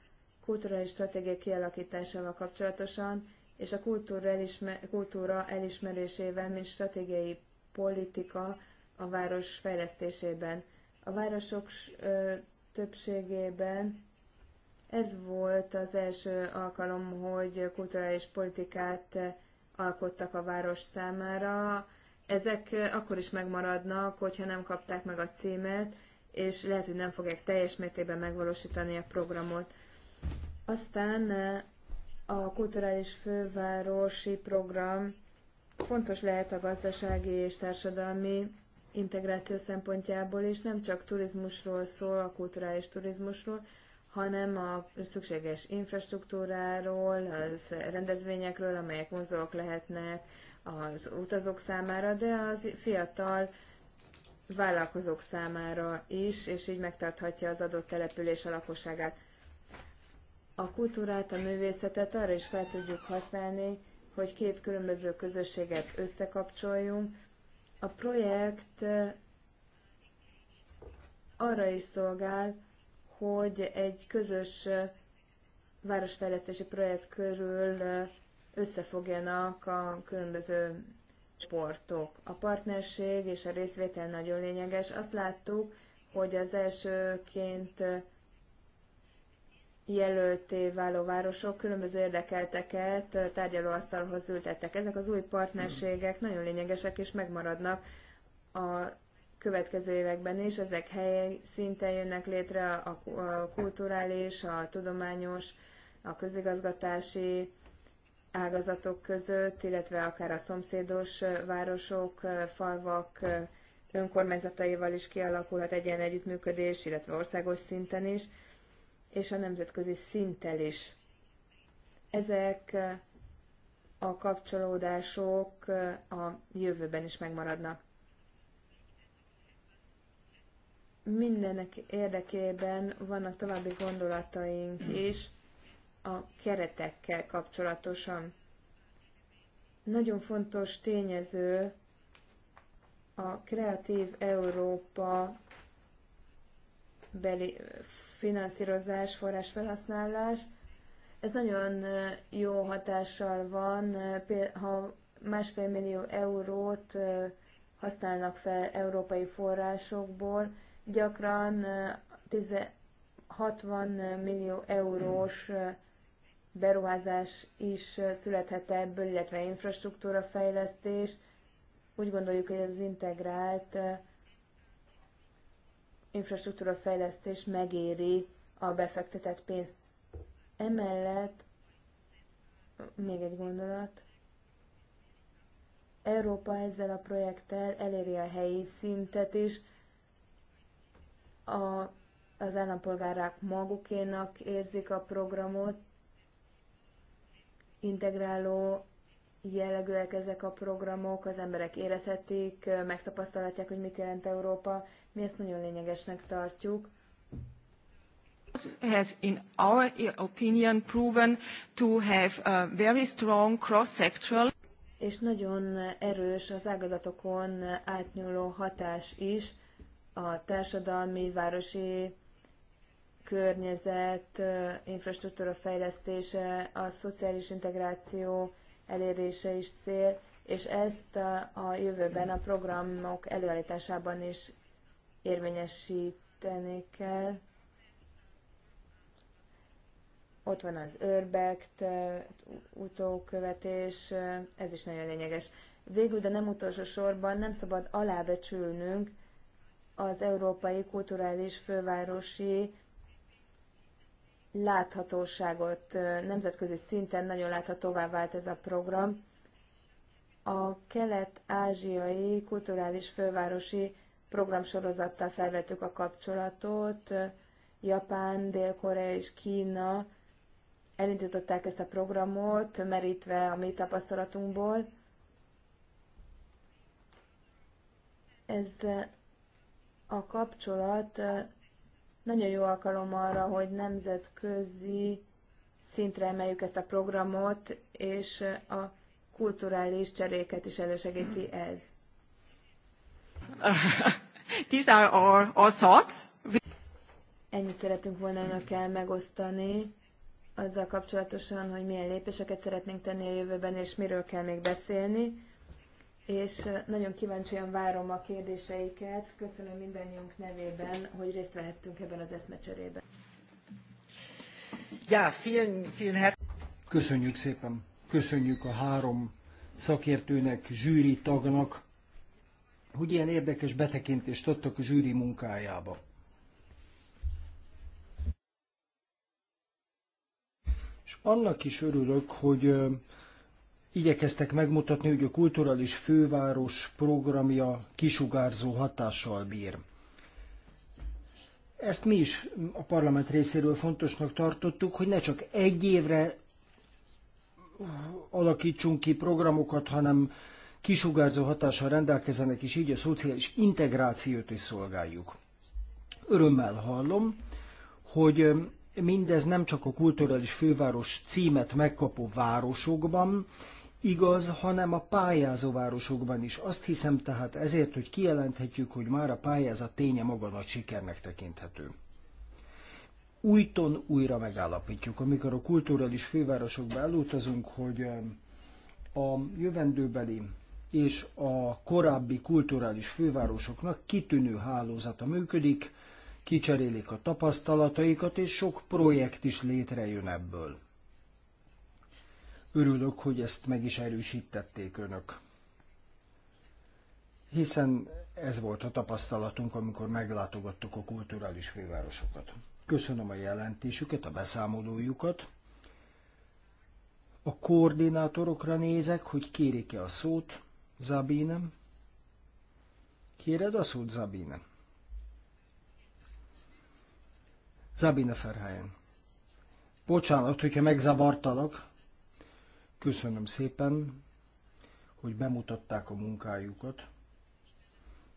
kulturális stratégia kialakításával kapcsolatosan, és a kultúra, elismer- kultúra elismerésével, mint stratégiai politika a város fejlesztésében. A városok ö, többségében ez volt az első alkalom, hogy kulturális politikát alkottak a város számára. Ezek akkor is megmaradnak, hogyha nem kapták meg a címet, és lehet, hogy nem fogják teljes mértékben megvalósítani a programot. Aztán a kulturális fővárosi program fontos lehet a gazdasági és társadalmi integráció szempontjából, és nem csak turizmusról szól, a kulturális turizmusról, hanem a szükséges infrastruktúráról, az rendezvényekről, amelyek mozók lehetnek az utazók számára, de az fiatal vállalkozók számára is, és így megtarthatja az adott település a lakosságát. A kultúrát, a művészetet arra is fel tudjuk használni, hogy két különböző közösséget összekapcsoljunk. A projekt arra is szolgál, hogy egy közös városfejlesztési projekt körül összefogjanak a különböző sportok, A partnerség és a részvétel nagyon lényeges. Azt láttuk, hogy az elsőként jelölté váló városok különböző érdekelteket tárgyalóasztalhoz ültettek. Ezek az új partnerségek nagyon lényegesek és megmaradnak a következő években is. Ezek helyi szinten jönnek létre a kulturális, a tudományos, a közigazgatási, ágazatok között, illetve akár a szomszédos városok, falvak önkormányzataival is kialakulhat egy ilyen együttműködés, illetve országos szinten is, és a nemzetközi szinttel is. Ezek a kapcsolódások a jövőben is megmaradnak. Mindenek érdekében vannak további gondolataink is, a keretekkel kapcsolatosan. Nagyon fontos tényező a Kreatív Európa beli finanszírozás, forrásfelhasználás. Ez nagyon jó hatással van, ha másfél millió eurót használnak fel európai forrásokból, gyakran 60 millió eurós beruházás is születhet ebből, illetve infrastruktúra fejlesztés. Úgy gondoljuk, hogy az integrált infrastruktúra fejlesztés megéri a befektetett pénzt. Emellett még egy gondolat. Európa ezzel a projekttel eléri a helyi szintet is, a, az állampolgárák magukénak érzik a programot, integráló jellegűek ezek a programok, az emberek érezhetik, megtapasztalhatják, hogy mit jelent Európa. Mi ezt nagyon lényegesnek tartjuk. has in our opinion proven to have a very strong cross-sectoral és nagyon erős az ágazatokon átnyúló hatás is a társadalmi, városi környezet, infrastruktúra fejlesztése, a szociális integráció elérése is cél, és ezt a jövőben a programok előállításában is érvényesíteni kell. Ott van az őrbekt, utókövetés, ez is nagyon lényeges. Végül, de nem utolsó sorban nem szabad alábecsülnünk az európai kulturális fővárosi láthatóságot nemzetközi szinten nagyon láthatóvá vált ez a program. A kelet-ázsiai kulturális fővárosi programsorozattal felvettük a kapcsolatot. Japán, Dél-Korea és Kína elindították ezt a programot, merítve a mi tapasztalatunkból. Ez a kapcsolat nagyon jó alkalom arra, hogy nemzetközi szintre emeljük ezt a programot, és a kulturális cseréket is elősegíti ez. These are our, our thoughts. Ennyit szeretünk volna önökkel megosztani azzal kapcsolatosan, hogy milyen lépéseket szeretnénk tenni a jövőben, és miről kell még beszélni és nagyon kíváncsian várom a kérdéseiket. Köszönöm mindannyiunk nevében, hogy részt vehettünk ebben az eszmecserében. Ja, vielen, vielen Köszönjük szépen. Köszönjük a három szakértőnek, zsűri tagnak, hogy ilyen érdekes betekintést adtak a zsűri munkájába. És annak is örülök, hogy igyekeztek megmutatni, hogy a kulturális főváros programja kisugárzó hatással bír. Ezt mi is a parlament részéről fontosnak tartottuk, hogy ne csak egy évre alakítsunk ki programokat, hanem kisugárzó hatással rendelkezenek, és így a szociális integrációt is szolgáljuk. Örömmel hallom, hogy mindez nem csak a kulturális főváros címet megkapó városokban, igaz, hanem a pályázó városokban is. Azt hiszem tehát ezért, hogy kijelenthetjük, hogy már a pályázat ténye maga nagy sikernek tekinthető. Újton újra megállapítjuk, amikor a kulturális fővárosokba elutazunk, hogy a jövendőbeli és a korábbi kulturális fővárosoknak kitűnő hálózata működik, kicserélik a tapasztalataikat, és sok projekt is létrejön ebből. Örülök, hogy ezt meg is erősítették önök. Hiszen ez volt a tapasztalatunk, amikor meglátogattuk a kulturális fővárosokat. Köszönöm a jelentésüket, a beszámolójukat. A koordinátorokra nézek, hogy kérik-e a szót. Zabinem? Kéred a szót, Zabine? Zabine Ferhelyen. Bocsánat, hogyha megzavartalak. Köszönöm szépen, hogy bemutatták a munkájukat,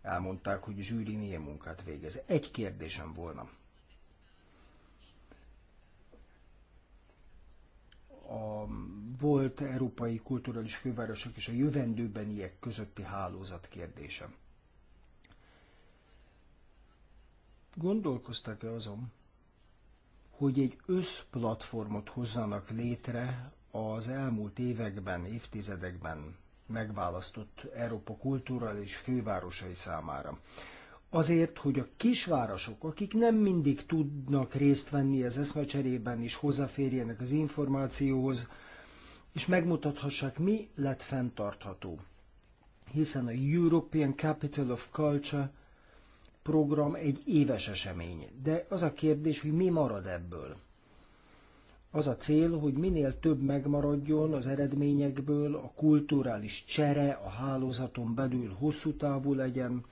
elmondták, hogy a zsűri milyen munkát végez. Egy kérdésem volna. a volt európai kulturális fővárosok és a jövendőbeniek közötti hálózat kérdése. Gondolkoztak-e azon, hogy egy összplatformot hozzanak létre az elmúlt években, évtizedekben megválasztott Európa kulturális fővárosai számára. Azért, hogy a kisvárosok, akik nem mindig tudnak részt venni az eszmecserében és hozzáférjenek az információhoz, és megmutathassák, mi lett fenntartható. Hiszen a European Capital of Culture program egy éves esemény, de az a kérdés, hogy mi marad ebből. Az a cél, hogy minél több megmaradjon az eredményekből, a kulturális csere a hálózaton belül hosszú távú legyen,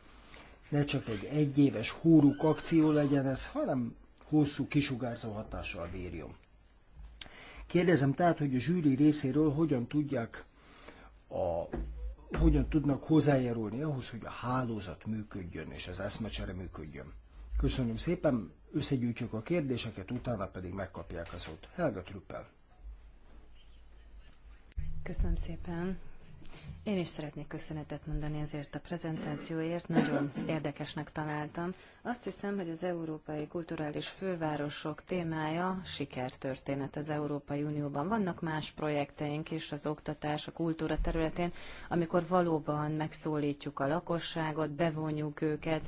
ne csak egy egyéves húruk akció legyen ez, hanem hosszú kisugárzó hatással bírjon. Kérdezem tehát, hogy a zsűri részéről hogyan tudják a hogyan tudnak hozzájárulni ahhoz, hogy a hálózat működjön és az eszmecsere működjön. Köszönöm szépen, összegyűjtjük a kérdéseket, utána pedig megkapják a szót. Helga Trüppel. Köszönöm szépen. Én is szeretnék köszönetet mondani ezért a prezentációért, nagyon érdekesnek találtam. Azt hiszem, hogy az európai kulturális fővárosok témája sikertörténet az Európai Unióban. Vannak más projekteink is az oktatás, a kultúra területén, amikor valóban megszólítjuk a lakosságot, bevonjuk őket,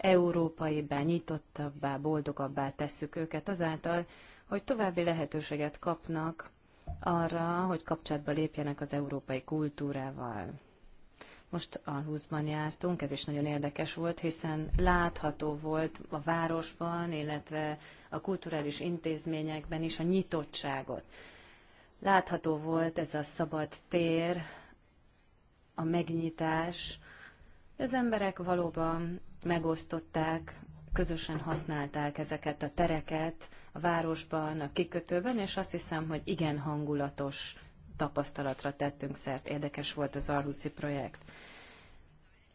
európaibbá, nyitottabbá, boldogabbá tesszük őket azáltal, hogy további lehetőséget kapnak arra, hogy kapcsolatba lépjenek az európai kultúrával. Most Alhúzban jártunk, ez is nagyon érdekes volt, hiszen látható volt a városban, illetve a kulturális intézményekben is a nyitottságot. Látható volt ez a szabad tér, a megnyitás, az emberek valóban megosztották, közösen használták ezeket a tereket a városban, a kikötőben, és azt hiszem, hogy igen hangulatos tapasztalatra tettünk szert. Érdekes volt az Arhuszi projekt.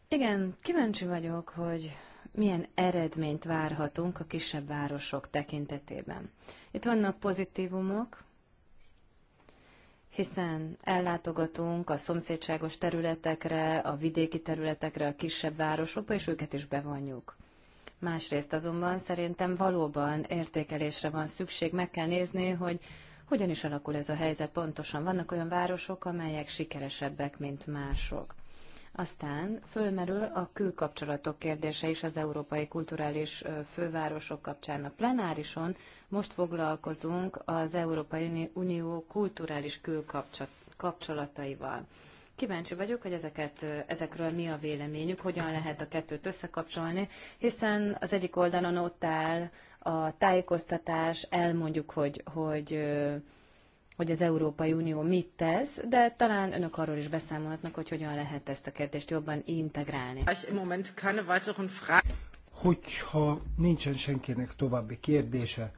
Igen, kíváncsi vagyok, hogy milyen eredményt várhatunk a kisebb városok tekintetében. Itt vannak pozitívumok, hiszen ellátogatunk a szomszédságos területekre, a vidéki területekre, a kisebb városokba, és őket is bevonjuk. Másrészt azonban szerintem valóban értékelésre van szükség, meg kell nézni, hogy hogyan is alakul ez a helyzet pontosan. Vannak olyan városok, amelyek sikeresebbek, mint mások. Aztán fölmerül a külkapcsolatok kérdése is az európai kulturális fővárosok kapcsán a plenárison. Most foglalkozunk az Európai Unió kulturális külkapcsolataival. Kíváncsi vagyok, hogy ezeket, ezekről mi a véleményük, hogyan lehet a kettőt összekapcsolni, hiszen az egyik oldalon ott áll a tájékoztatás, elmondjuk, hogy, hogy hogy az Európai Unió mit tesz, de talán önök arról is beszámolhatnak, hogy hogyan lehet ezt a kérdést jobban integrálni. Hogyha nincsen senkinek további kérdése,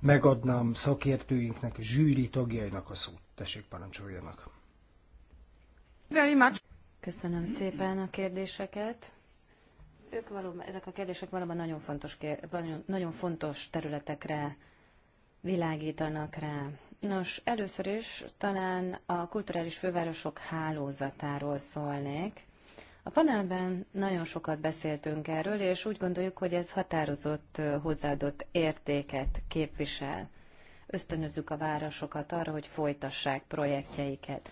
megadnám szakértőinknek, zsűri tagjainak a szót. Tessék, parancsoljanak. Köszönöm szépen a kérdéseket. Ők valóban, ezek a kérdések valóban nagyon fontos, nagyon fontos területekre világítanak rá. Nos, először is talán a kulturális fővárosok hálózatáról szólnék. A panelben nagyon sokat beszéltünk erről, és úgy gondoljuk, hogy ez határozott hozzáadott értéket képvisel. Ösztönözzük a városokat arra, hogy folytassák projektjeiket.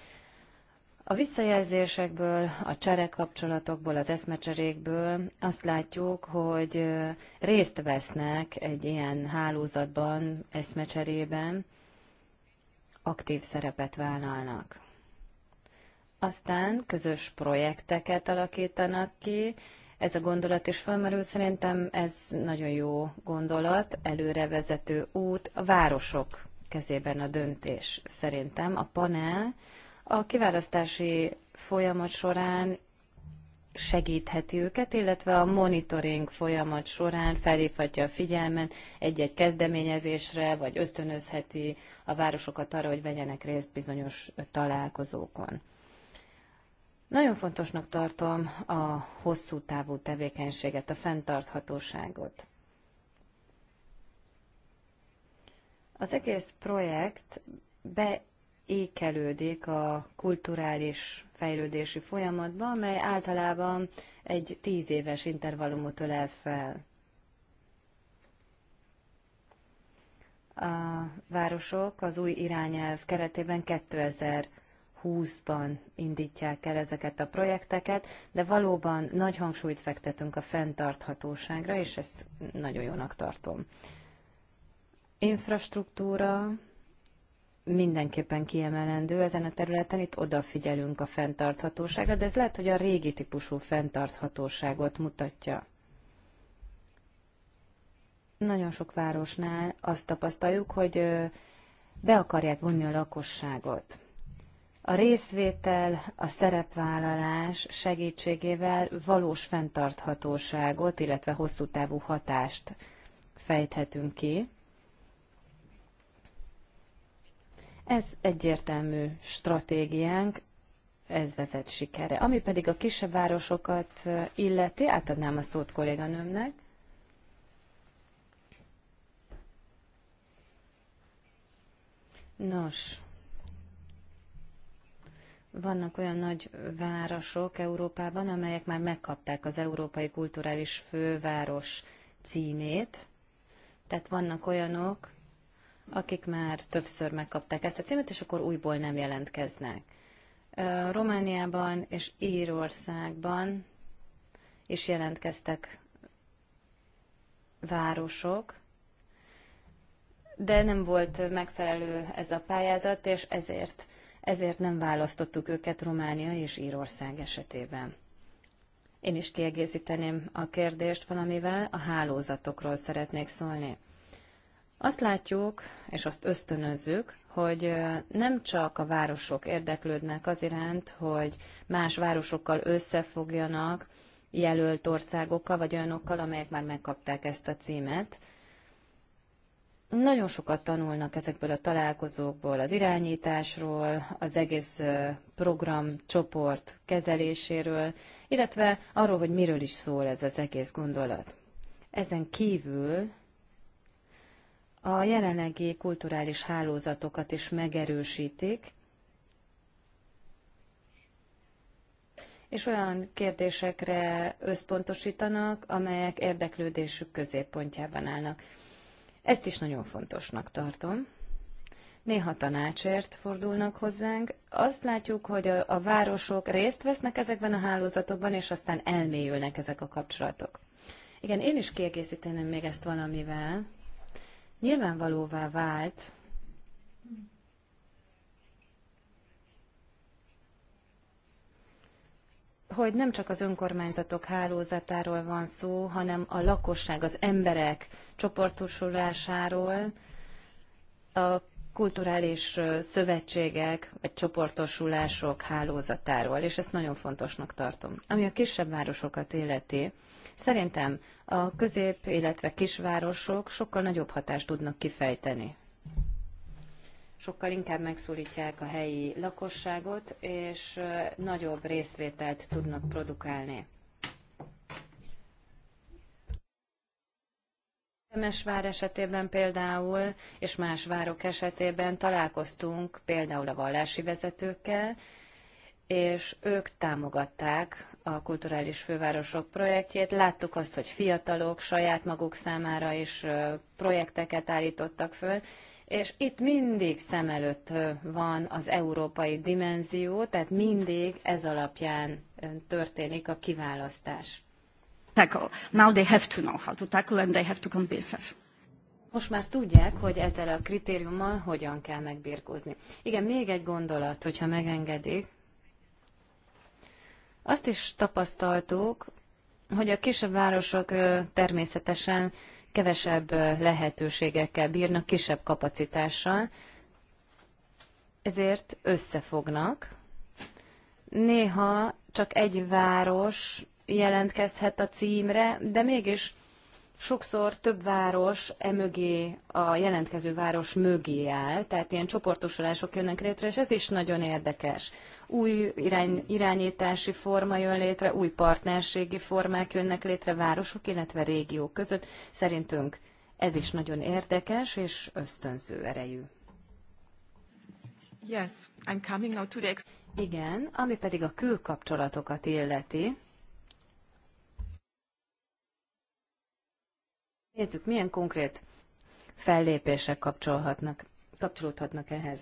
A visszajelzésekből, a cserekapcsolatokból, az eszmecserékből azt látjuk, hogy részt vesznek egy ilyen hálózatban, eszmecserében, aktív szerepet vállalnak. Aztán közös projekteket alakítanak ki, ez a gondolat is felmerül, szerintem ez nagyon jó gondolat, előrevezető út, a városok kezében a döntés szerintem. A panel a kiválasztási folyamat során segítheti őket, illetve a monitoring folyamat során felhívhatja a figyelmen egy-egy kezdeményezésre, vagy ösztönözheti a városokat arra, hogy vegyenek részt bizonyos találkozókon. Nagyon fontosnak tartom a hosszú távú tevékenységet, a fenntarthatóságot. Az egész projekt be ékelődik a kulturális fejlődési folyamatba, mely általában egy tíz éves intervallumot ölel fel. A városok az új irányelv keretében 2000 2020-ban indítják el ezeket a projekteket, de valóban nagy hangsúlyt fektetünk a fenntarthatóságra, és ezt nagyon jónak tartom. Infrastruktúra, mindenképpen kiemelendő ezen a területen, itt odafigyelünk a fenntarthatóságra, de ez lehet, hogy a régi típusú fenntarthatóságot mutatja. Nagyon sok városnál azt tapasztaljuk, hogy be akarják vonni a lakosságot. A részvétel, a szerepvállalás segítségével valós fenntarthatóságot, illetve hosszú távú hatást fejthetünk ki Ez egyértelmű stratégiánk, ez vezet sikere. Ami pedig a kisebb városokat illeti, átadnám a szót kolléganőmnek. Nos, vannak olyan nagy városok Európában, amelyek már megkapták az Európai Kulturális Főváros címét. Tehát vannak olyanok, akik már többször megkapták ezt a címet, és akkor újból nem jelentkeznek. Romániában és Írországban is jelentkeztek városok, de nem volt megfelelő ez a pályázat, és ezért, ezért nem választottuk őket Románia és Írország esetében. Én is kiegészíteném a kérdést valamivel, a hálózatokról szeretnék szólni. Azt látjuk, és azt ösztönözzük, hogy nem csak a városok érdeklődnek az iránt, hogy más városokkal összefogjanak jelölt országokkal, vagy olyanokkal, amelyek már megkapták ezt a címet. Nagyon sokat tanulnak ezekből a találkozókból, az irányításról, az egész program csoport kezeléséről, illetve arról, hogy miről is szól ez az egész gondolat. Ezen kívül a jelenlegi kulturális hálózatokat is megerősítik, és olyan kérdésekre összpontosítanak, amelyek érdeklődésük középpontjában állnak. Ezt is nagyon fontosnak tartom. Néha tanácsért fordulnak hozzánk. Azt látjuk, hogy a, a városok részt vesznek ezekben a hálózatokban, és aztán elmélyülnek ezek a kapcsolatok. Igen, én is kiegészíteném még ezt valamivel. Nyilvánvalóvá vált, hogy nem csak az önkormányzatok hálózatáról van szó, hanem a lakosság, az emberek csoportosulásáról, a kulturális szövetségek vagy csoportosulások hálózatáról, és ezt nagyon fontosnak tartom. Ami a kisebb városokat illeti, szerintem a közép, illetve kisvárosok sokkal nagyobb hatást tudnak kifejteni. Sokkal inkább megszólítják a helyi lakosságot, és nagyobb részvételt tudnak produkálni. Temesvár esetében például, és más várok esetében találkoztunk például a vallási vezetőkkel, és ők támogatták a kulturális fővárosok projektjét. Láttuk azt, hogy fiatalok saját maguk számára is projekteket állítottak föl, és itt mindig szem előtt van az európai dimenzió, tehát mindig ez alapján történik a kiválasztás. Tackle. Now they have to know how to tackle and they have to convince us. Most már tudják, hogy ezzel a kritériummal hogyan kell megbírkozni. Igen, még egy gondolat, hogyha megengedik. Azt is tapasztaltuk, hogy a kisebb városok természetesen kevesebb lehetőségekkel bírnak, kisebb kapacitással, ezért összefognak. Néha csak egy város jelentkezhet a címre, de mégis sokszor több város emögé, a jelentkező város mögé áll, tehát ilyen csoportosulások jönnek létre, és ez is nagyon érdekes. Új irány, irányítási forma jön létre, új partnerségi formák jönnek létre városok, illetve régiók között. Szerintünk ez is nagyon érdekes és ösztönző erejű. Yes, I'm coming now to the... Igen, ami pedig a külkapcsolatokat illeti, Nézzük, milyen konkrét fellépések kapcsolhatnak, kapcsolódhatnak ehhez.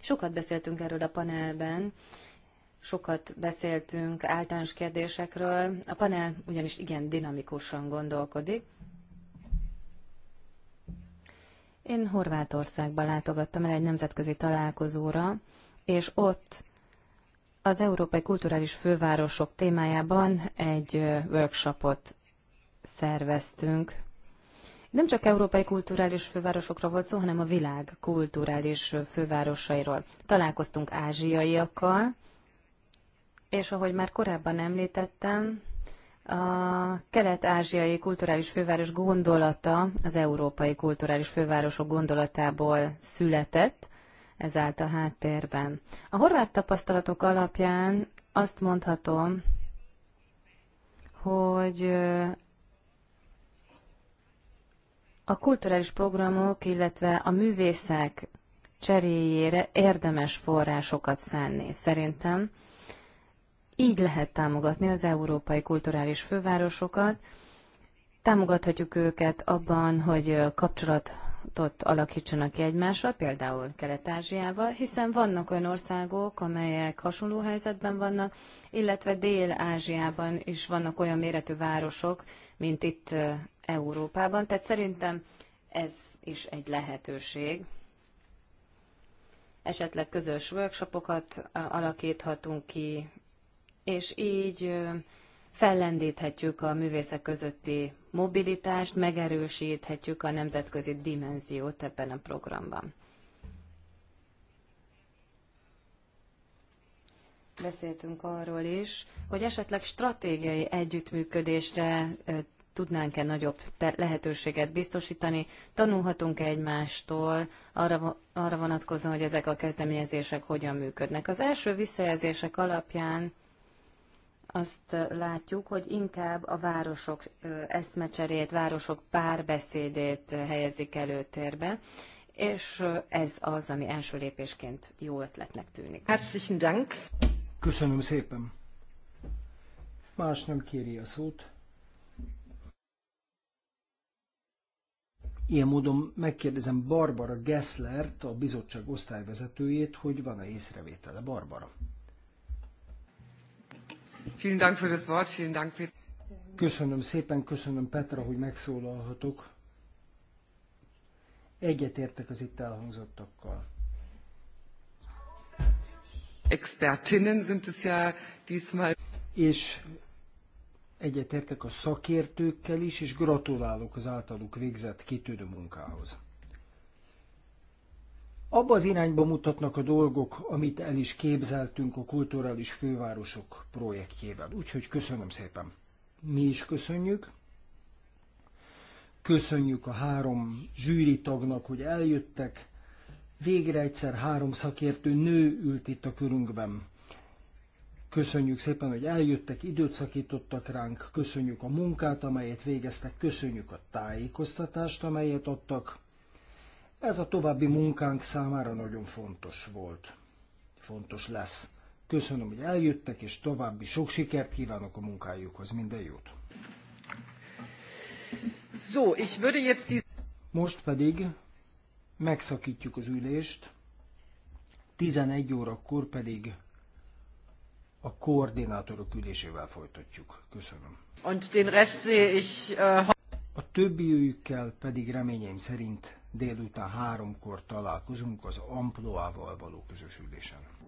Sokat beszéltünk erről a panelben, sokat beszéltünk általános kérdésekről. A panel ugyanis igen dinamikusan gondolkodik. Én Horvátországba látogattam el egy nemzetközi találkozóra, és ott az Európai Kulturális Fővárosok témájában egy workshopot szerveztünk. Nem csak európai kulturális fővárosokra volt szó, hanem a világ kulturális fővárosairól. Találkoztunk ázsiaiakkal, és ahogy már korábban említettem, a kelet-ázsiai kulturális főváros gondolata az európai kulturális fővárosok gondolatából született, ez állt a háttérben. A horvát tapasztalatok alapján azt mondhatom, hogy a kulturális programok, illetve a művészek cseréjére érdemes forrásokat szánni, szerintem. Így lehet támogatni az európai kulturális fővárosokat, támogathatjuk őket abban, hogy kapcsolatot alakítsanak ki egymásra, például Kelet-Ázsiával, hiszen vannak olyan országok, amelyek hasonló helyzetben vannak, illetve Dél-Ázsiában is vannak olyan méretű városok, mint itt Európában. Tehát szerintem ez is egy lehetőség. Esetleg közös workshopokat alakíthatunk ki, és így fellendíthetjük a művészek közötti mobilitást, megerősíthetjük a nemzetközi dimenziót ebben a programban. beszéltünk arról is, hogy esetleg stratégiai együttműködésre tudnánk-e nagyobb lehetőséget biztosítani, tanulhatunk-e egymástól arra, arra vonatkozóan, hogy ezek a kezdeményezések hogyan működnek. Az első visszajelzések alapján azt látjuk, hogy inkább a városok eszmecserét, városok párbeszédét helyezik előtérbe, és ez az, ami első lépésként jó ötletnek tűnik. Herzlichen Dank! Köszönöm szépen! Más nem kéri a szót. Ilyen módon megkérdezem Barbara Gesslert, a bizottság osztályvezetőjét, hogy van-e észrevétele. Barbara. Köszönöm szépen, köszönöm Petra, hogy megszólalhatok. Egyetértek az itt elhangzottakkal. Expertinnen sind es ja diesmal. És egyetértek a szakértőkkel is, és gratulálok az általuk végzett kitűnő munkához. Abba az irányba mutatnak a dolgok, amit el is képzeltünk a kulturális fővárosok projektjével. Úgyhogy köszönöm szépen. Mi is köszönjük. Köszönjük a három tagnak, hogy eljöttek. Végre egyszer három szakértő nő ült itt a körünkben. Köszönjük szépen, hogy eljöttek, időt szakítottak ránk, köszönjük a munkát, amelyet végeztek, köszönjük a tájékoztatást, amelyet adtak. Ez a további munkánk számára nagyon fontos volt. Fontos lesz. Köszönöm, hogy eljöttek, és további sok sikert kívánok a munkájukhoz. Minden jót! So, ich würde jetzt die... Most pedig megszakítjuk az ülést, 11 órakor pedig a koordinátorok ülésével folytatjuk. Köszönöm. Und den Rest sehe ich, uh... A többiükkel pedig reményeim szerint délután háromkor találkozunk az Amploával való közös ülésen.